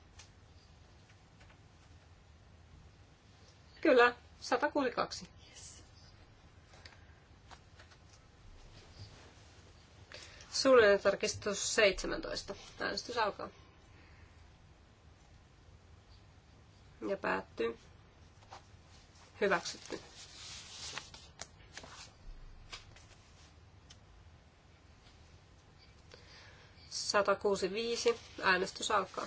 Kyllä, 162. Yes. Suullinen tarkistus 17. Äänestys alkaa. Ja päättyy. Hyväksytty. Sata kuusi viisi. Äänestys alkaa.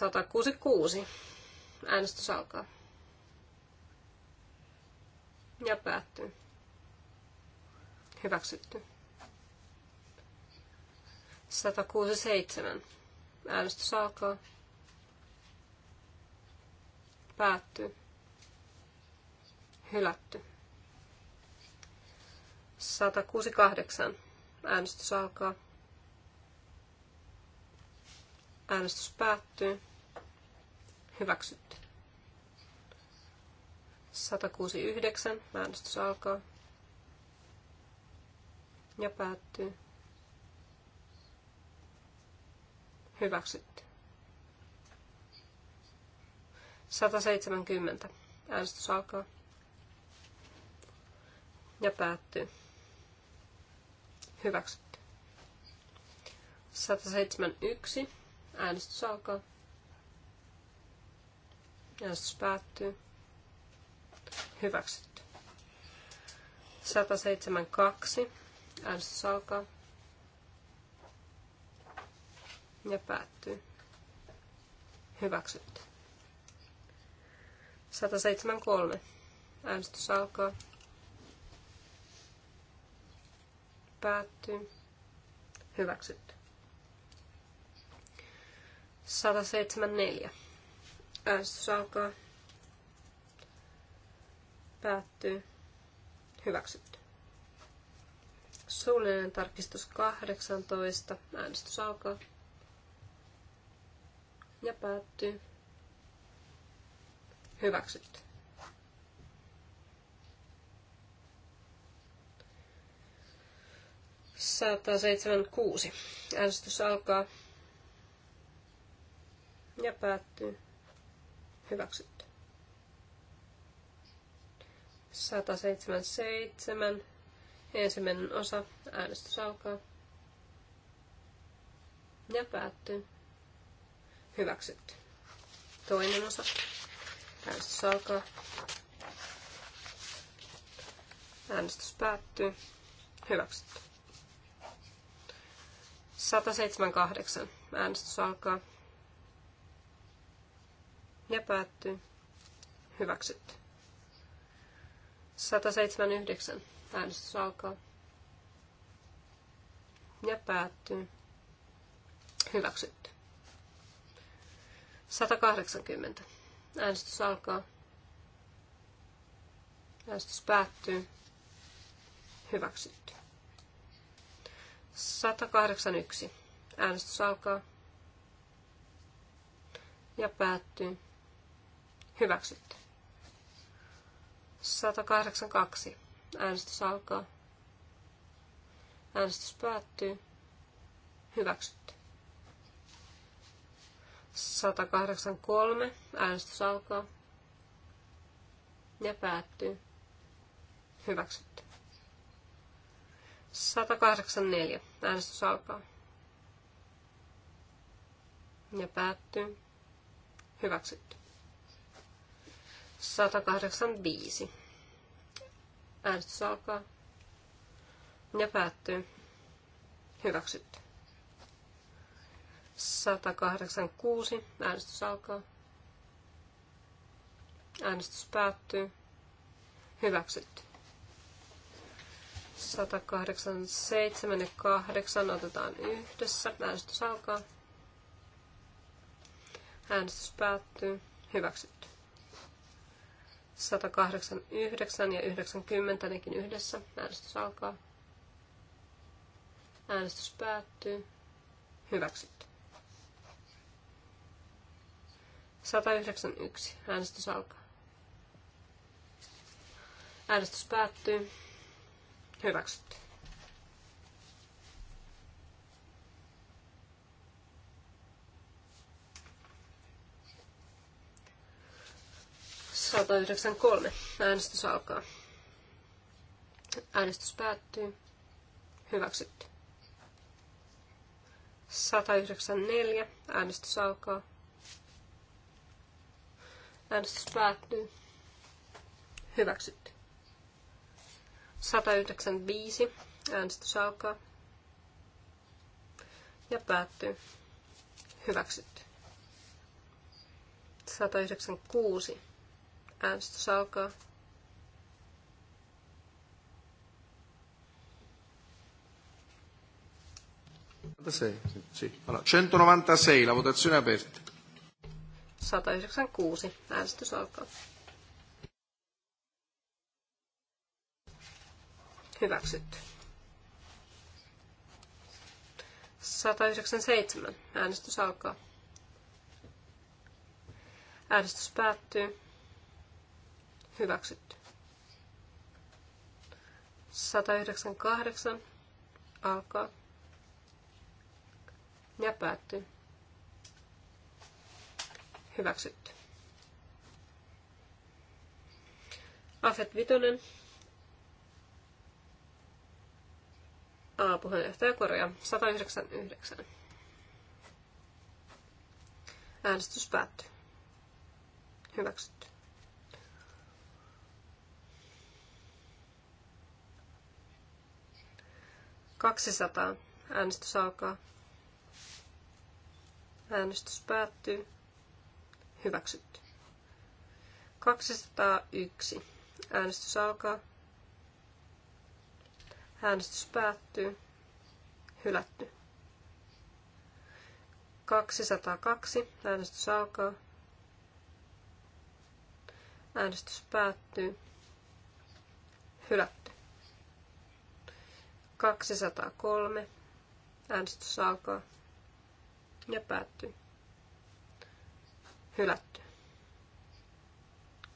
166. Äänestys alkaa. Ja päättyy. Hyväksytty. 167. Äänestys alkaa. Päättyy. Hylätty. 168. Äänestys alkaa. Äänestys päättyy. Hyväksytty. 169. Äänestys alkaa. Ja päättyy. Hyväksytty. 170. Äänestys alkaa. Ja päättyy. Hyväksytty. 171. Äänestys alkaa. Äänestys päättyy. Hyväksytty. 172. Äänestys alkaa. Ja päättyy. Hyväksytty. 173. Äänestys alkaa. Päättyy. Hyväksytty. 174. Äänestys alkaa. Päättyy. Hyväksytty. Suullinen tarkistus 18. Äänestys alkaa. Ja päättyy. Hyväksytty. Saattaa 76. Äänestys alkaa ja päättyy. Hyväksytty. 177. Ensimmäinen osa. Äänestys alkaa. Ja päättyy. Hyväksytty. Toinen osa. Äänestys alkaa. Äänestys päättyy. Hyväksytty. 178. Äänestys alkaa ja päättyy. Hyväksytty. 179. Äänestys alkaa. Ja päättyy. Hyväksytty. 180. Äänestys alkaa. Äänestys päättyy. Hyväksytty. 181. Äänestys alkaa. Ja päättyy. Hyväksytty. 182. Äänestys alkaa. Äänestys päättyy. Hyväksytty. 183. Äänestys alkaa. Ja päättyy. Hyväksytty. 184. Äänestys alkaa. Ja päättyy. Hyväksytty. 185. Äänestys alkaa ja päättyy. Hyväksytty. 186. Äänestys alkaa. Äänestys päättyy. Hyväksytty. 187 ja 8 otetaan yhdessä. Äänestys alkaa. Äänestys päättyy. Hyväksytty. 189 ja 90 nekin yhdessä. Äänestys alkaa. Äänestys päättyy. Hyväksytty. 191. Äänestys alkaa. Äänestys päättyy. Hyväksytty. 193. Äänestys alkaa. Äänestys päättyy. Hyväksytty. 194. Äänestys alkaa. Äänestys päättyy. Hyväksytty. 195. Äänestys alkaa. Ja päättyy. Hyväksytty. 196. Äänestys alkaa. allora, 196, la votazione è aperta. 196, äänestys alkaa. Hyväksytty. 197, äänestys alkaa. Äänestys päättyy. Hyväksytty. 198 alkaa ja päättyy. Hyväksytty. Afet Vitonen. A, puheenjohtaja korjaa. 199. Äänestys päättyy. Hyväksytty. 200. Äänestys alkaa. Äänestys päättyy. Hyväksytty. 201. Äänestys alkaa. Äänestys päättyy. Hylätty. 202. Äänestys alkaa. Äänestys päättyy. Hylätty. 203. Äänestys alkaa ja päättyy. Hylätty.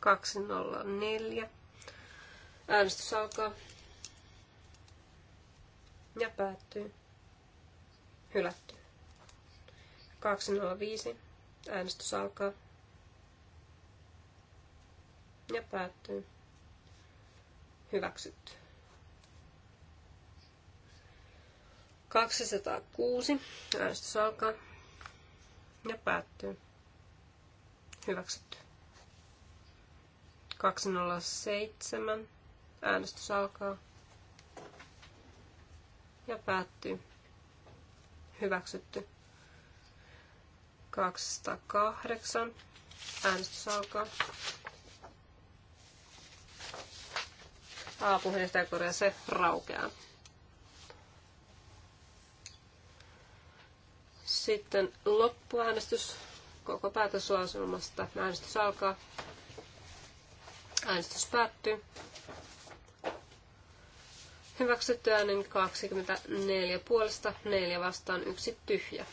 204. Äänestys alkaa ja päättyy. Hylätty. 205. Äänestys alkaa ja päättyy. Hyväksytty. 206. Äänestys alkaa ja päättyy. Hyväksytty. 207. Äänestys alkaa ja päättyy. Hyväksytty. 208. Äänestys alkaa. A-puheenjohtajakorja se raukeaa. Sitten loppuäänestys koko päätöslauselmasta. Äänestys alkaa. Äänestys päättyy. Hyväksytty äänen 24 puolesta, 4 vastaan, yksi tyhjä.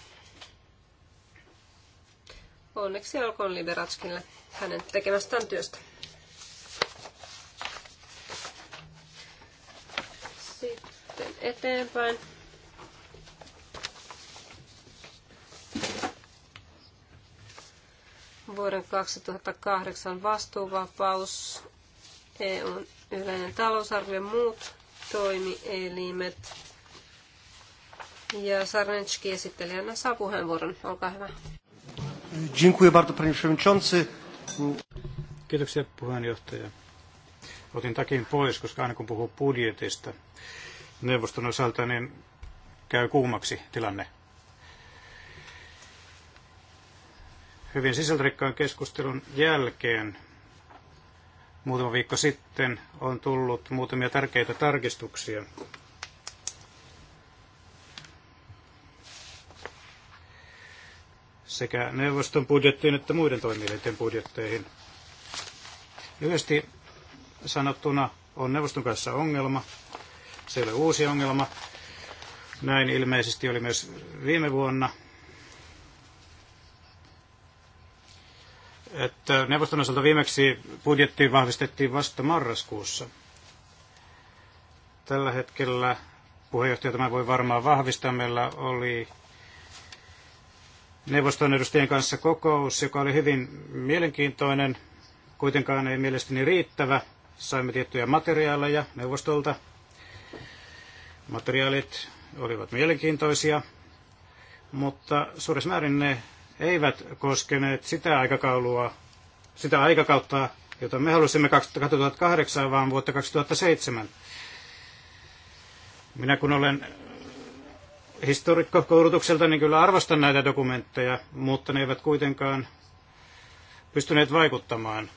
Onneksi olkoon Liberatskille hänen tekemästään työstä. Sitten eteenpäin. vuoden 2008 vastuuvapaus, EUn yleinen talousarvio muut toimielimet. Ja Sarnecki esittelijänä saa puheenvuoron. Olkaa hyvä. Dziękuję bardzo, panie przewodniczący. Kiitoksia puheenjohtaja. Otin takin pois, koska aina kun puhuu budjetista neuvoston osalta, niin käy kuumaksi tilanne. hyvin sisältörikkaan keskustelun jälkeen muutama viikko sitten on tullut muutamia tärkeitä tarkistuksia. sekä neuvoston budjettiin että muiden toimielinten budjetteihin. Lyhyesti sanottuna on neuvoston kanssa ongelma. Se ei ole uusi ongelma. Näin ilmeisesti oli myös viime vuonna – että neuvoston osalta viimeksi budjetti vahvistettiin vasta marraskuussa. Tällä hetkellä puheenjohtaja tämä voi varmaan vahvistaa. Meillä oli neuvoston edustajien kanssa kokous, joka oli hyvin mielenkiintoinen, kuitenkaan ei mielestäni riittävä. Saimme tiettyjä materiaaleja neuvostolta. Materiaalit olivat mielenkiintoisia, mutta suuressa määrin ne eivät koskeneet sitä aikakaulua, sitä aikakautta, jota me halusimme 2008, vaan vuotta 2007. Minä kun olen historikko koulutukselta, niin kyllä arvostan näitä dokumentteja, mutta ne eivät kuitenkaan pystyneet vaikuttamaan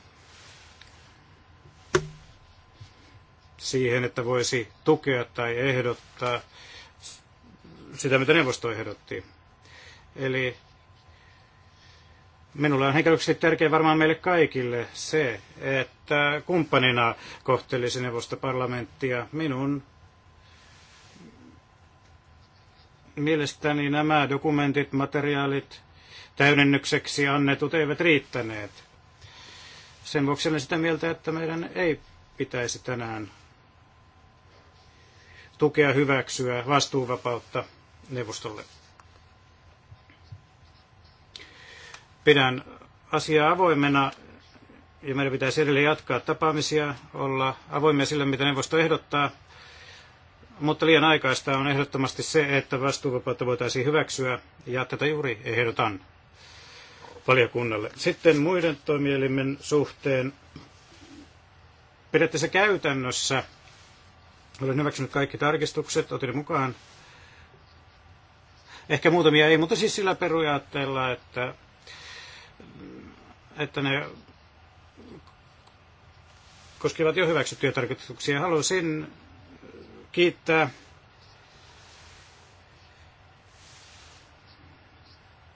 siihen, että voisi tukea tai ehdottaa sitä, mitä neuvosto ehdotti. Eli Minulle on henkilökohtaisesti tärkeä varmaan meille kaikille se, että kumppanina kohtelisi neuvosta parlamenttia. Minun mielestäni nämä dokumentit, materiaalit täydennykseksi annetut eivät riittäneet. Sen vuoksi olen sitä mieltä, että meidän ei pitäisi tänään tukea hyväksyä vastuuvapautta neuvostolle. Pidän asiaa avoimena ja meidän pitäisi edelleen jatkaa tapaamisia, olla avoimia sille, mitä neuvosto ehdottaa. Mutta liian aikaista on ehdottomasti se, että vastuuvapautta voitaisiin hyväksyä, ja tätä juuri ehdotan valiokunnalle. Sitten muiden toimielimen suhteen se käytännössä olen hyväksynyt kaikki tarkistukset, otin mukaan. Ehkä muutamia ei, mutta siis sillä periaatteella, että että ne koskevat jo hyväksyttyjä tarkoituksia. Haluaisin kiittää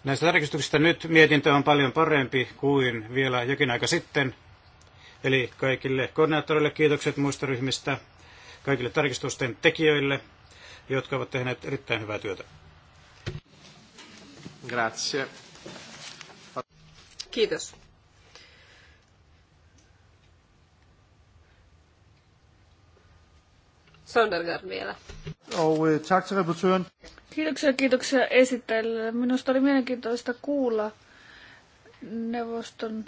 näistä tarkistuksista. Nyt mietintö on paljon parempi kuin vielä jokin aika sitten. Eli kaikille koordinaattoreille kiitokset muista ryhmistä, kaikille tarkistusten tekijöille, jotka ovat tehneet erittäin hyvää työtä. Grazie. Kiitos. Sondergaard vielä. Oh, øh, tak til rapportøren. Kiitoksia, kiitoksia esittäjille. Minusta oli mielenkiintoista kuulla neuvoston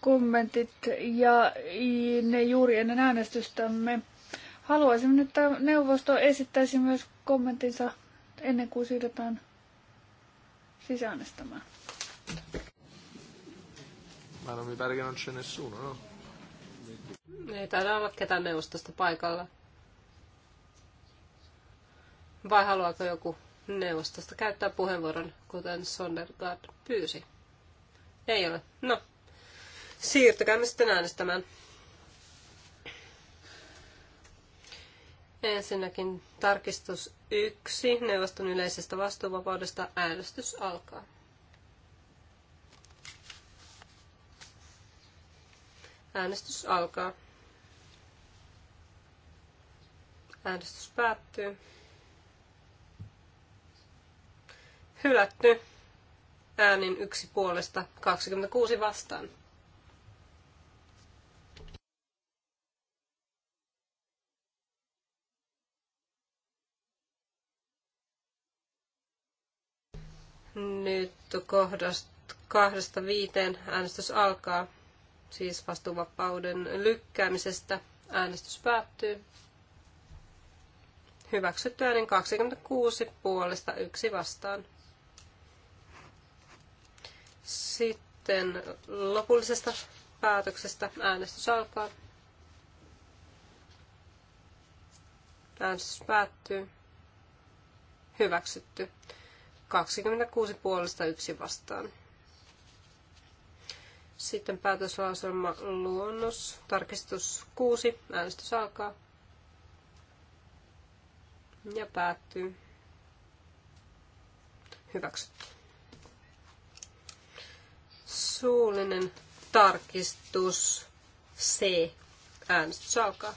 kommentit ja ne juuri ennen äänestystämme. Haluaisin nyt, että neuvosto esittäisi myös kommenttinsa ennen kuin siirretään sisäänestämään. Mä en ole niin mitään non c'è nessuno, no? Ei taida olla ketään neuvostosta paikalla. Vai haluaako joku neuvostosta käyttää puheenvuoron, kuten Sondergaard pyysi? Ei ole. No, siirtykäämme sitten äänestämään. Ensinnäkin tarkistus 1 neuvoston yleisestä vastuuvapaudesta äänestys alkaa. Äänestys alkaa. Äänestys päättyy. Hylätty. Äänin yksi puolesta 26 vastaan. Nyt kohdasta kahdesta viiteen äänestys alkaa, siis vastuuvapauden lykkäämisestä. Äänestys päättyy. Hyväksytty äänen 26 puolesta yksi vastaan. Sitten lopullisesta päätöksestä äänestys alkaa. Äänestys päättyy. Hyväksytty. 26 puolesta yksi vastaan. Sitten päätöslauselma luonnos, tarkistus 6, äänestys alkaa ja päättyy. Hyväksytty. Suullinen tarkistus C. Äänestys alkaa.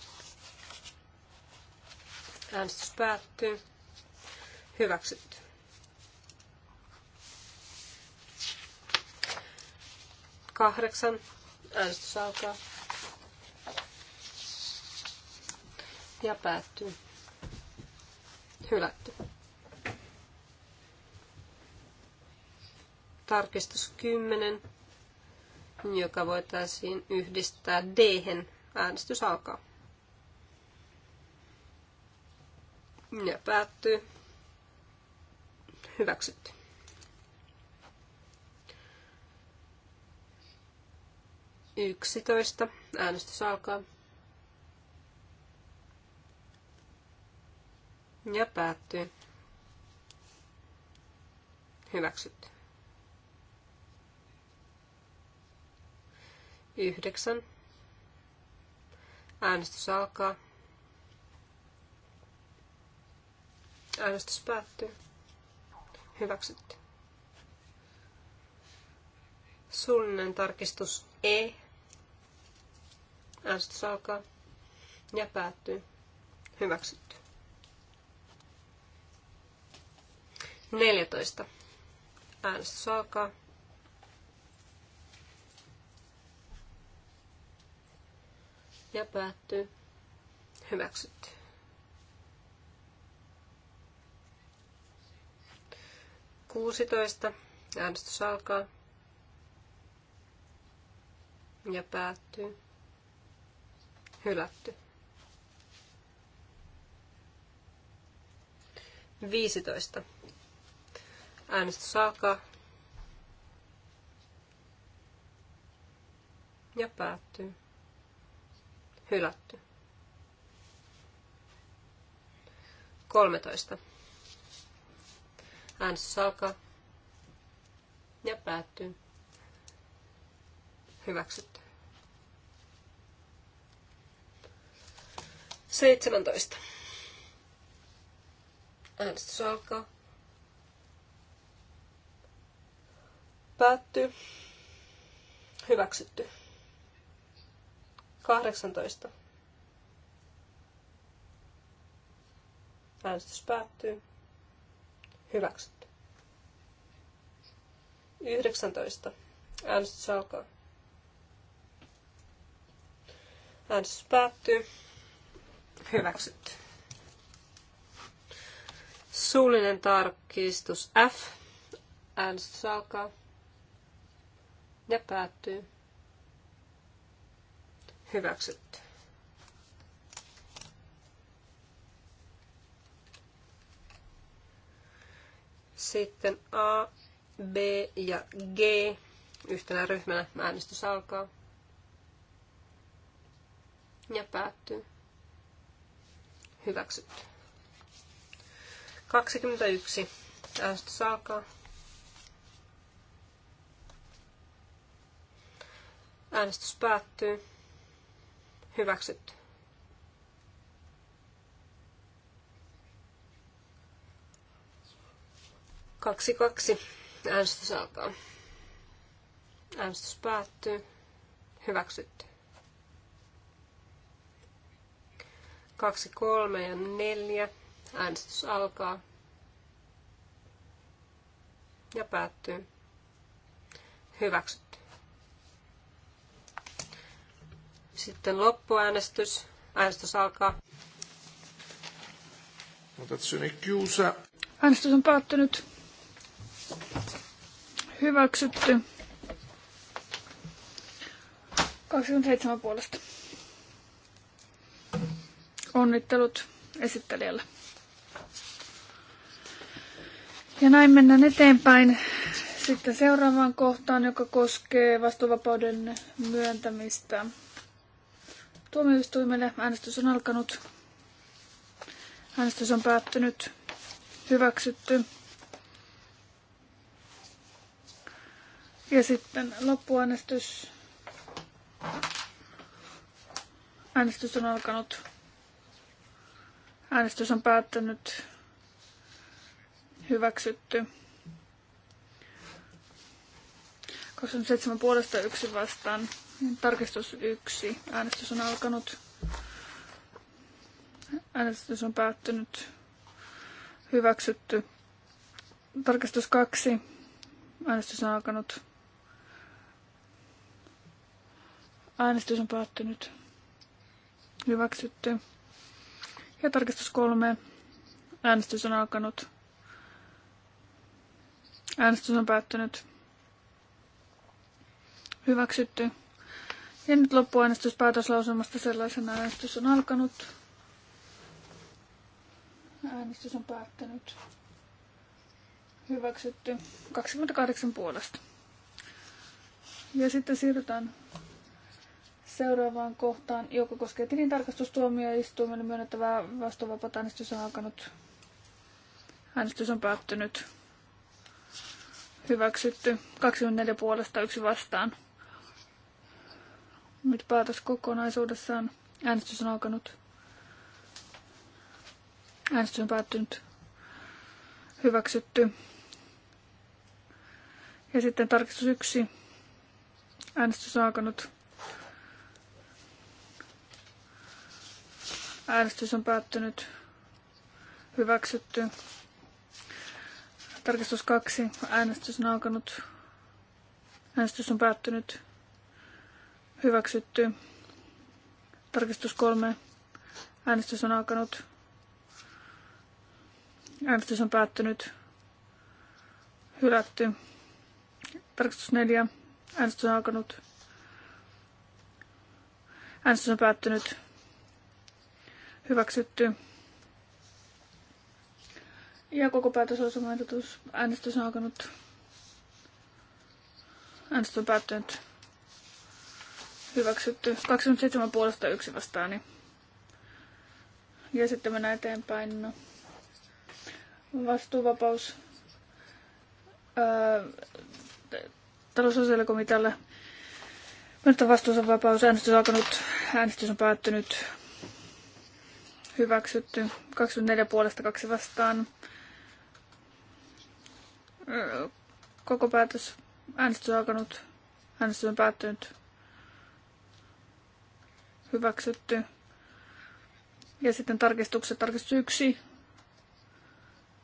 Äänestys päättyy. Hyväksytty. kahdeksan. Äänestys alkaa. Ja päättyy. Hylätty. Tarkistus 10, joka voitaisiin yhdistää d -hen. Äänestys alkaa. Ja päättyy. Hyväksytty. 11. Äänestys alkaa. Ja päättyy. Hyväksytty. 9. Äänestys alkaa. Äänestys päättyy. Hyväksytty. Suullinen tarkistus E Äänestys alkaa ja päättyy. Hyväksytty. 14. Äänestys alkaa. Ja päättyy. Hyväksytty. 16. Äänestys alkaa. Ja päättyy hylätty. 15. Äänestys alkaa. Ja päättyy. Hylätty. 13. Äänestys alkaa. Ja päättyy. Hyväksytty. 17. Äänestys alkaa. Päättyy. Hyväksytty. 18. Äänestys päättyy. Hyväksytty. 19. Äänestys alkaa. Äänestys päättyy. Hyväksytty. Suullinen tarkistus F. Äänestys alkaa. Ja päättyy. Hyväksytty. Sitten A, B ja G. Yhtenä ryhmänä äänestys alkaa. Ja päättyy hyväksytty. 21. Äänestys alkaa. Äänestys päättyy. Hyväksytty. Kaksi kaksi. Äänestys alkaa. Äänestys päättyy. Hyväksytty. Kaksi, kolme ja neljä. Äänestys alkaa ja päättyy. Hyväksytty. Sitten loppuäänestys. Äänestys alkaa. Votazione chiusa. Äänestys on päättynyt. Hyväksytty. 27 puolesta. Onnittelut esittelijälle. Ja näin mennään eteenpäin sitten seuraavaan kohtaan, joka koskee vastuuvapauden myöntämistä. Tuomioistuimelle äänestys on alkanut. Äänestys on päättynyt. Hyväksytty. Ja sitten loppuäänestys. Äänestys on alkanut. Äänestys on päättänyt. Hyväksytty. 27 puolesta yksi vastaan. Tarkistus yksi. Äänestys on alkanut. Äänestys on päättynyt. Hyväksytty. Tarkistus kaksi. Äänestys on alkanut. Äänestys on päättynyt. Hyväksytty. Ja tarkistus kolme. Äänestys on alkanut. Äänestys on päättynyt. Hyväksytty. Ja nyt loppuäänestys päätöslausumasta sellaisena äänestys on alkanut. Äänestys on päättynyt. Hyväksytty. 28 puolesta. Ja sitten siirrytään seuraavaan kohtaan, joka koskee tilintarkastustuomioistuimen myönnettävää vastuuvapaata äänestys on alkanut. Äänestys on päättynyt. Hyväksytty. 24 puolesta yksi vastaan. Nyt päätös kokonaisuudessaan. Äänestys on alkanut. Äänestys on päättynyt. Hyväksytty. Ja sitten tarkistus yksi. Äänestys on alkanut. Äänestys on päättynyt. Hyväksytty. Tarkistus 2. Äänestys on alkanut. Äänestys on päättynyt. Hyväksytty. Tarkistus 3. Äänestys on alkanut. Äänestys on päättynyt. Hylätty. Tarkistus 4. Äänestys on alkanut. Äänestys on päättynyt. Hyväksytty. Ja koko päätösosamaidotus. Äänestys on alkanut. Äänestys on päättynyt. Hyväksytty. 27 puolesta yksi vastaani. Ja sitten mennään eteenpäin. No. Vastuuvapaus. Öö, taloussosiaalikomitealle. Myöntää vastuunsa vapaus. Äänestys on alkanut. Äänestys on päättynyt hyväksytty. 24 puolesta kaksi vastaan. Koko päätös, äänestys on alkanut, äänestys on päättynyt, hyväksytty. Ja sitten tarkistukset, tarkistus yksi.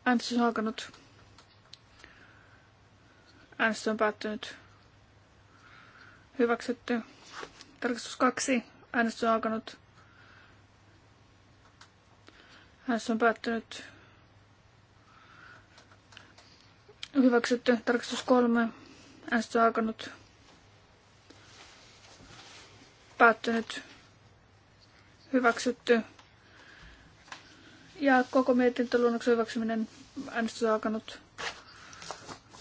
äänestys on alkanut, äänestys on päättynyt, hyväksytty. Tarkistus kaksi, äänestys on alkanut, Äänestys on päättynyt. Hyväksytty. Tarkastus kolme. Äänestys on alkanut. Päättynyt. Hyväksytty. Ja koko mietintöluonnoksen hyväksyminen. Äänestys on alkanut.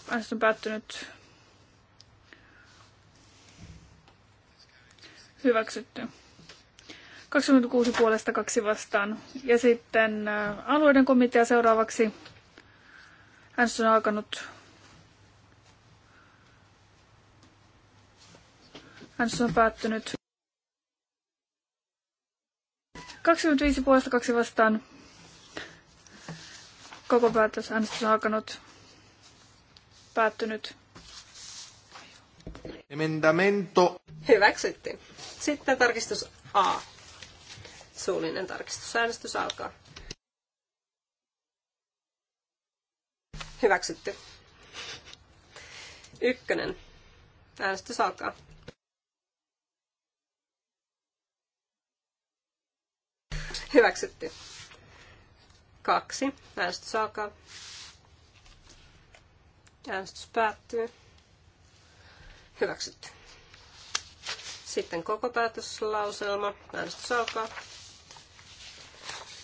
Äänestys on päättynyt. Hyväksytty. 26 puolesta kaksi vastaan. Ja sitten äh, alueiden komitea seuraavaksi. Hän on alkanut. Hän on päättynyt. 25 puolesta kaksi vastaan. Koko päätös äänestys on alkanut. Päättynyt. Emendamento. Hyväksyttiin. Sitten tarkistus A Suullinen tarkistusäänestys alkaa. Hyväksytty. Ykkönen. Äänestys alkaa. Hyväksytty. Kaksi. Äänestys alkaa. Äänestys päättyy. Hyväksytty. Sitten koko päätöslauselma. Äänestys alkaa.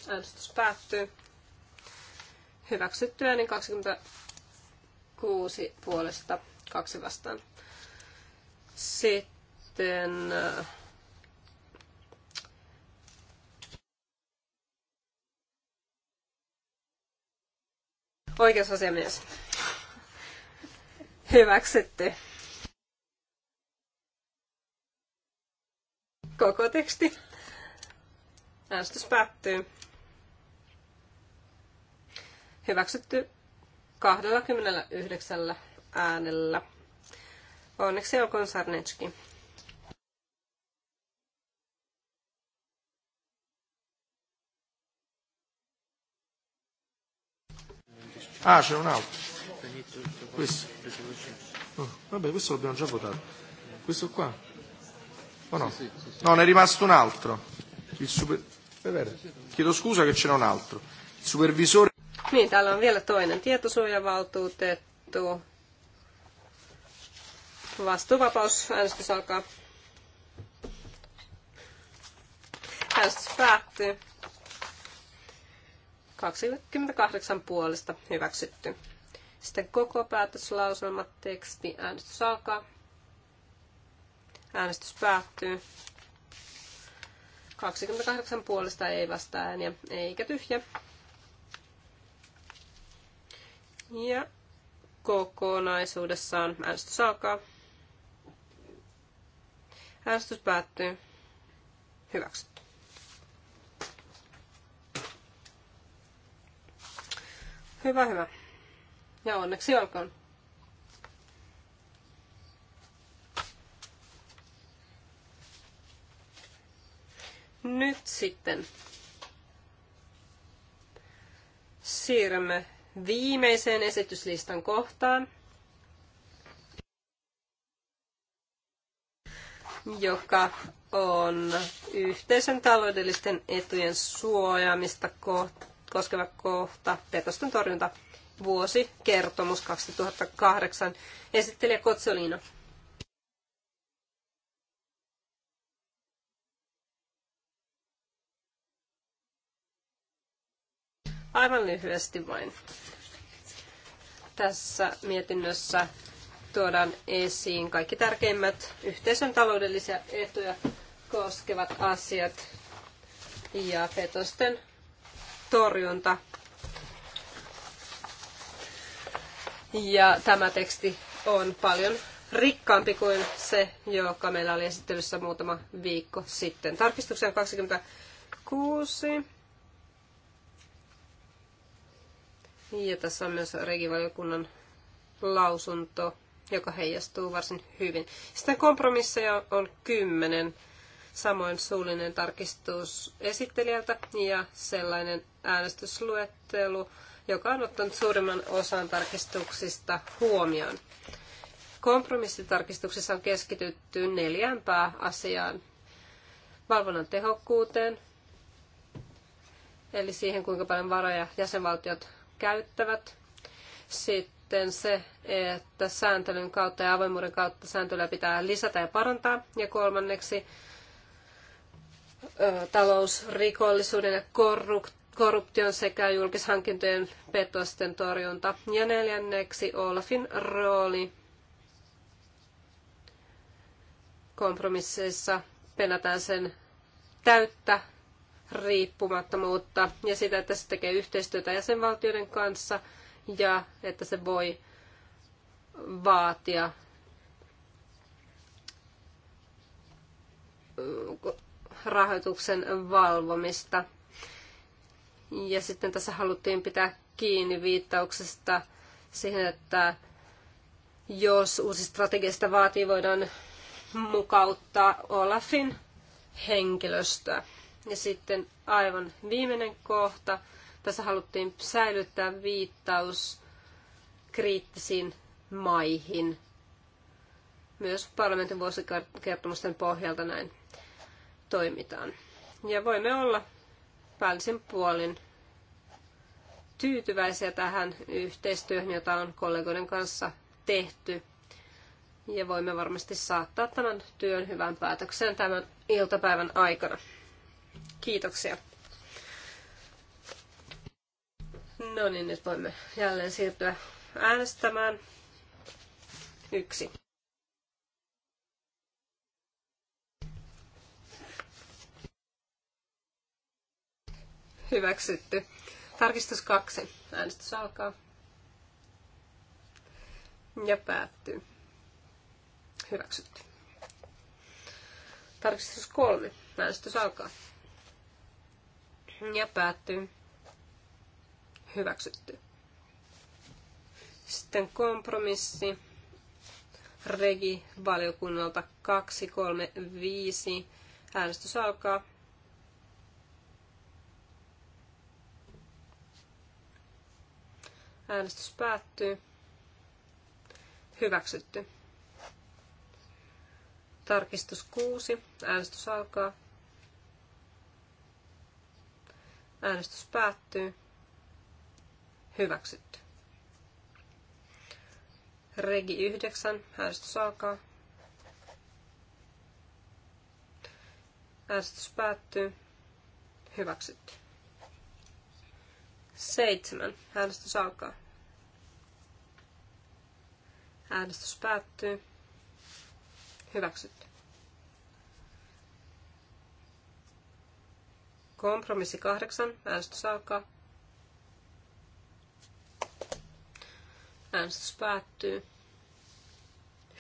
Äänestys päättyy. Hyväksyttyä niin 26 puolesta, kaksi vastaan. Sitten äh, oikeusasiamies. Hyväksytty. Koko teksti. Äänestys päättyy hyväksytty 29 äänellä. Onneksi olkoon Sarnetski. Ah, c'è un altro. Questo. Oh, vabbè, questo l'abbiamo già votato. Questo qua? O no? No, ne è rimasto un altro. Il super... Chiedo scusa che c'era un altro. Il supervisore. Niin, täällä on vielä toinen tietosuojavaltuutettu. Vastuuvapaus, äänestys alkaa. Äänestys päättyy. 28 puolesta hyväksytty. Sitten koko päätöslauselma, teksti, äänestys alkaa. Äänestys päättyy. 28 puolesta ei vastaa, ääniä, eikä tyhjä. Ja kokonaisuudessaan äänestys alkaa. Äänestys päättyy. Hyväksytty. Hyvä, hyvä. Ja onneksi olkoon. Nyt sitten siirrymme viimeiseen esityslistan kohtaan, joka on yhteisön taloudellisten etujen suojaamista koskeva kohta, petosten torjunta, vuosi, kertomus 2008. Esittelijä Kotsolino. Aivan lyhyesti vain. Tässä mietinnössä tuodaan esiin kaikki tärkeimmät yhteisön taloudellisia etuja koskevat asiat ja petosten torjunta. Ja tämä teksti on paljon rikkaampi kuin se, joka meillä oli esittelyssä muutama viikko sitten. Tarkistuksen 26 Niin, ja tässä on myös regivaliokunnan lausunto, joka heijastuu varsin hyvin. Sitten kompromisseja on kymmenen, samoin suullinen tarkistus esittelijältä ja sellainen äänestysluettelu, joka on ottanut suurimman osan tarkistuksista huomioon. Kompromissitarkistuksessa on keskitytty neljään pääasiaan. Valvonnan tehokkuuteen, eli siihen kuinka paljon varoja jäsenvaltiot käyttävät. Sitten se, että sääntelyn kautta ja avoimuuden kautta sääntelyä pitää lisätä ja parantaa. Ja kolmanneksi talousrikollisuuden ja korruption sekä julkishankintojen petosten torjunta. Ja neljänneksi Olafin rooli kompromisseissa penataan sen täyttä riippumattomuutta ja sitä, että se tekee yhteistyötä jäsenvaltioiden kanssa ja että se voi vaatia äh, rahoituksen valvomista. Ja sitten tässä haluttiin pitää kiinni viittauksesta siihen, että jos uusi strategista vaatii, voidaan mukauttaa Olafin henkilöstöä. Ja sitten aivan viimeinen kohta. Tässä haluttiin säilyttää viittaus kriittisiin maihin. Myös parlamentin vuosikertomusten pohjalta näin toimitaan. Ja voimme olla päällisen puolin tyytyväisiä tähän yhteistyöhön, jota on kollegoiden kanssa tehty. Ja voimme varmasti saattaa tämän työn hyvän päätökseen tämän iltapäivän aikana. Kiitoksia. No niin, nyt voimme jälleen siirtyä äänestämään. Yksi. Hyväksytty. Tarkistus kaksi. Äänestys alkaa. Ja päättyy. Hyväksytty. Tarkistus kolme. Äänestys alkaa ja päättyy. Hyväksytty. Sitten kompromissi. Regi valiokunnalta 235. Äänestys alkaa. Äänestys päättyy. Hyväksytty. Tarkistus 6. Äänestys alkaa. Äänestys päättyy. Hyväksytty. Regi 9. Äänestys alkaa. Äänestys päättyy. Hyväksytty. 7. Äänestys alkaa. Äänestys päättyy. Hyväksytty. Kompromissi kahdeksan. Äänestys alkaa. Äänestys päättyy.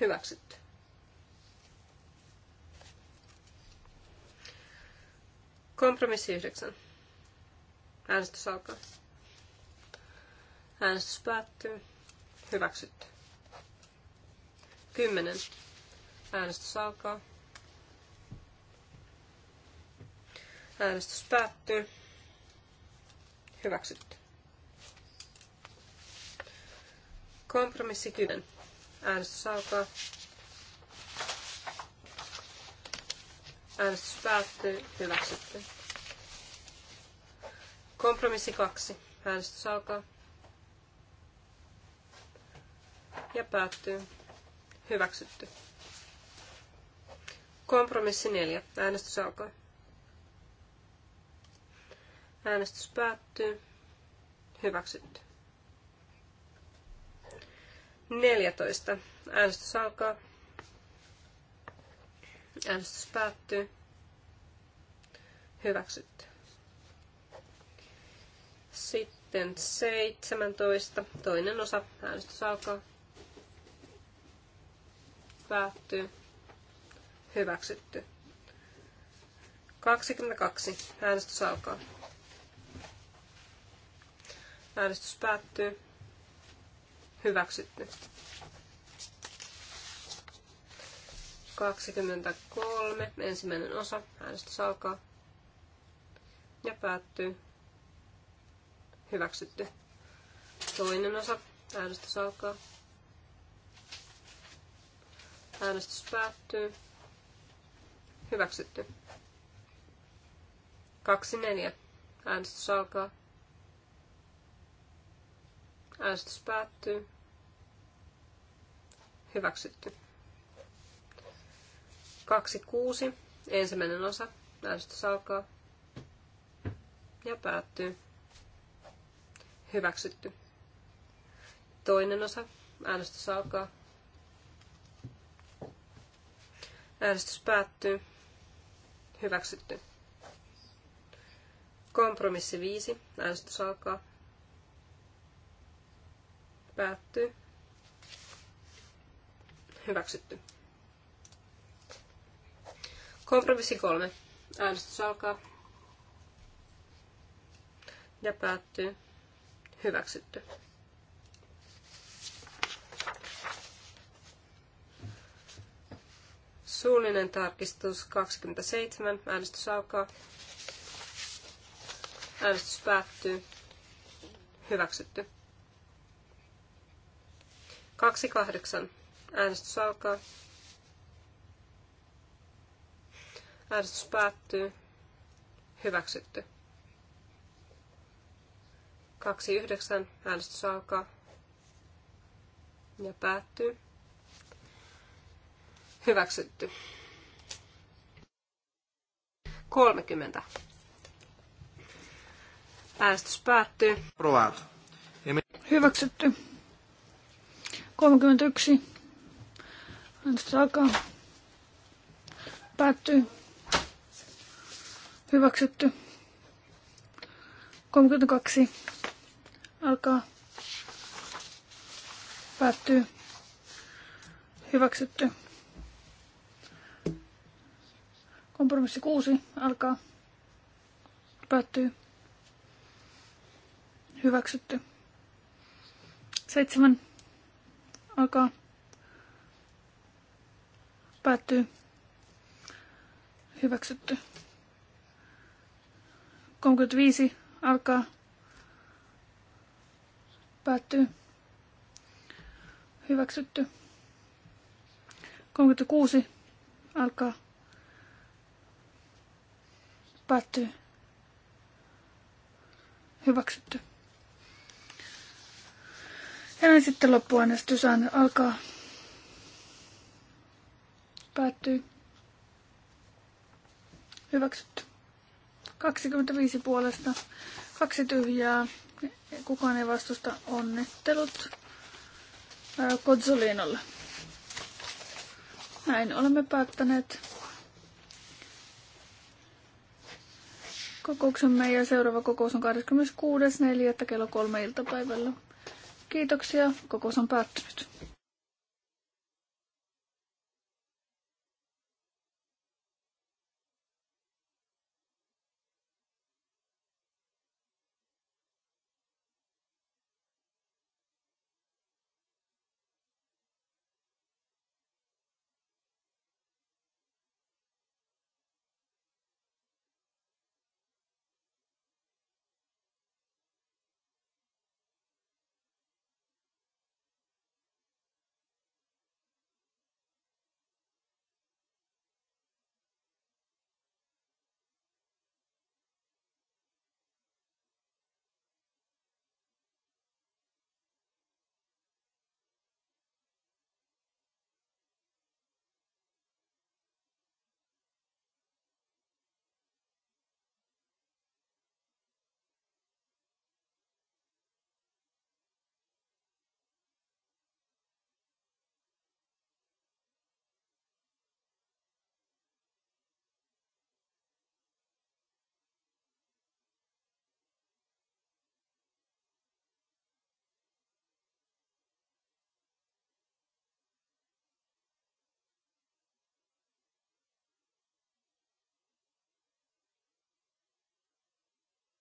Hyväksytty. Kompromissi yhdeksän. Äänestys alkaa. Äänestys päättyy. Hyväksytty. Kymmenen. Äänestys alkaa. Äänestys päättyy. Hyväksytty. Kompromissi 10. Äänestys alkaa. Äänestys päättyy. Hyväksytty. Kompromissi 2. Äänestys alkaa. Ja päättyy. Hyväksytty. Kompromissi 4. Äänestys alkaa. Äänestys päättyy. Hyväksytty. 14. Äänestys alkaa. Äänestys päättyy. Hyväksytty. Sitten 17. Toinen osa. Äänestys alkaa. Päättyy. Hyväksytty. 22. Äänestys alkaa. Äänestys päättyy. Hyväksytty. 23. Ensimmäinen osa. Äänestys alkaa. Ja päättyy. Hyväksytty. Toinen osa. Äänestys alkaa. Äänestys päättyy. Hyväksytty. 24. Äänestys alkaa. Äänestys päättyy. Hyväksytty. 2.6. Ensimmäinen osa. Äänestys alkaa. Ja päättyy. Hyväksytty. Toinen osa. Äänestys alkaa. Äänestys päättyy. Hyväksytty. Kompromissi 5. Äänestys alkaa. Päättyy. Hyväksytty. Kompromissi kolme. Äänestys alkaa. Ja päättyy. Hyväksytty. Suullinen tarkistus 27. Äänestys alkaa. Äänestys päättyy. Hyväksytty. 28. Äänestys alkaa. Äänestys päättyy. Hyväksytty. 29. Äänestys alkaa. Ja päättyy. Hyväksytty. 30. Äänestys päättyy. Hyväksytty. 31. Äänestys alkaa. Päättyy. Hyväksytty. 32. Alkaa. Päättyy. Hyväksytty. Kompromissi 6. Alkaa. Päättyy. Hyväksytty. 7 alkaa. Päättyy. Hyväksytty. 35 alkaa. Päättyy. Hyväksytty. 36 alkaa. Päättyy. Hyväksytty. Ja näin sitten loppuäänestys alkaa. Päättyy. Hyväksytty. 25 puolesta, kaksi tyhjää, kukaan ei vastusta onnittelut Kotsoliinolle. Näin olemme päättäneet kokouksemme ja seuraava kokous on 26.4. kello kolme iltapäivällä. Kiitoksia. Kokous on päättynyt.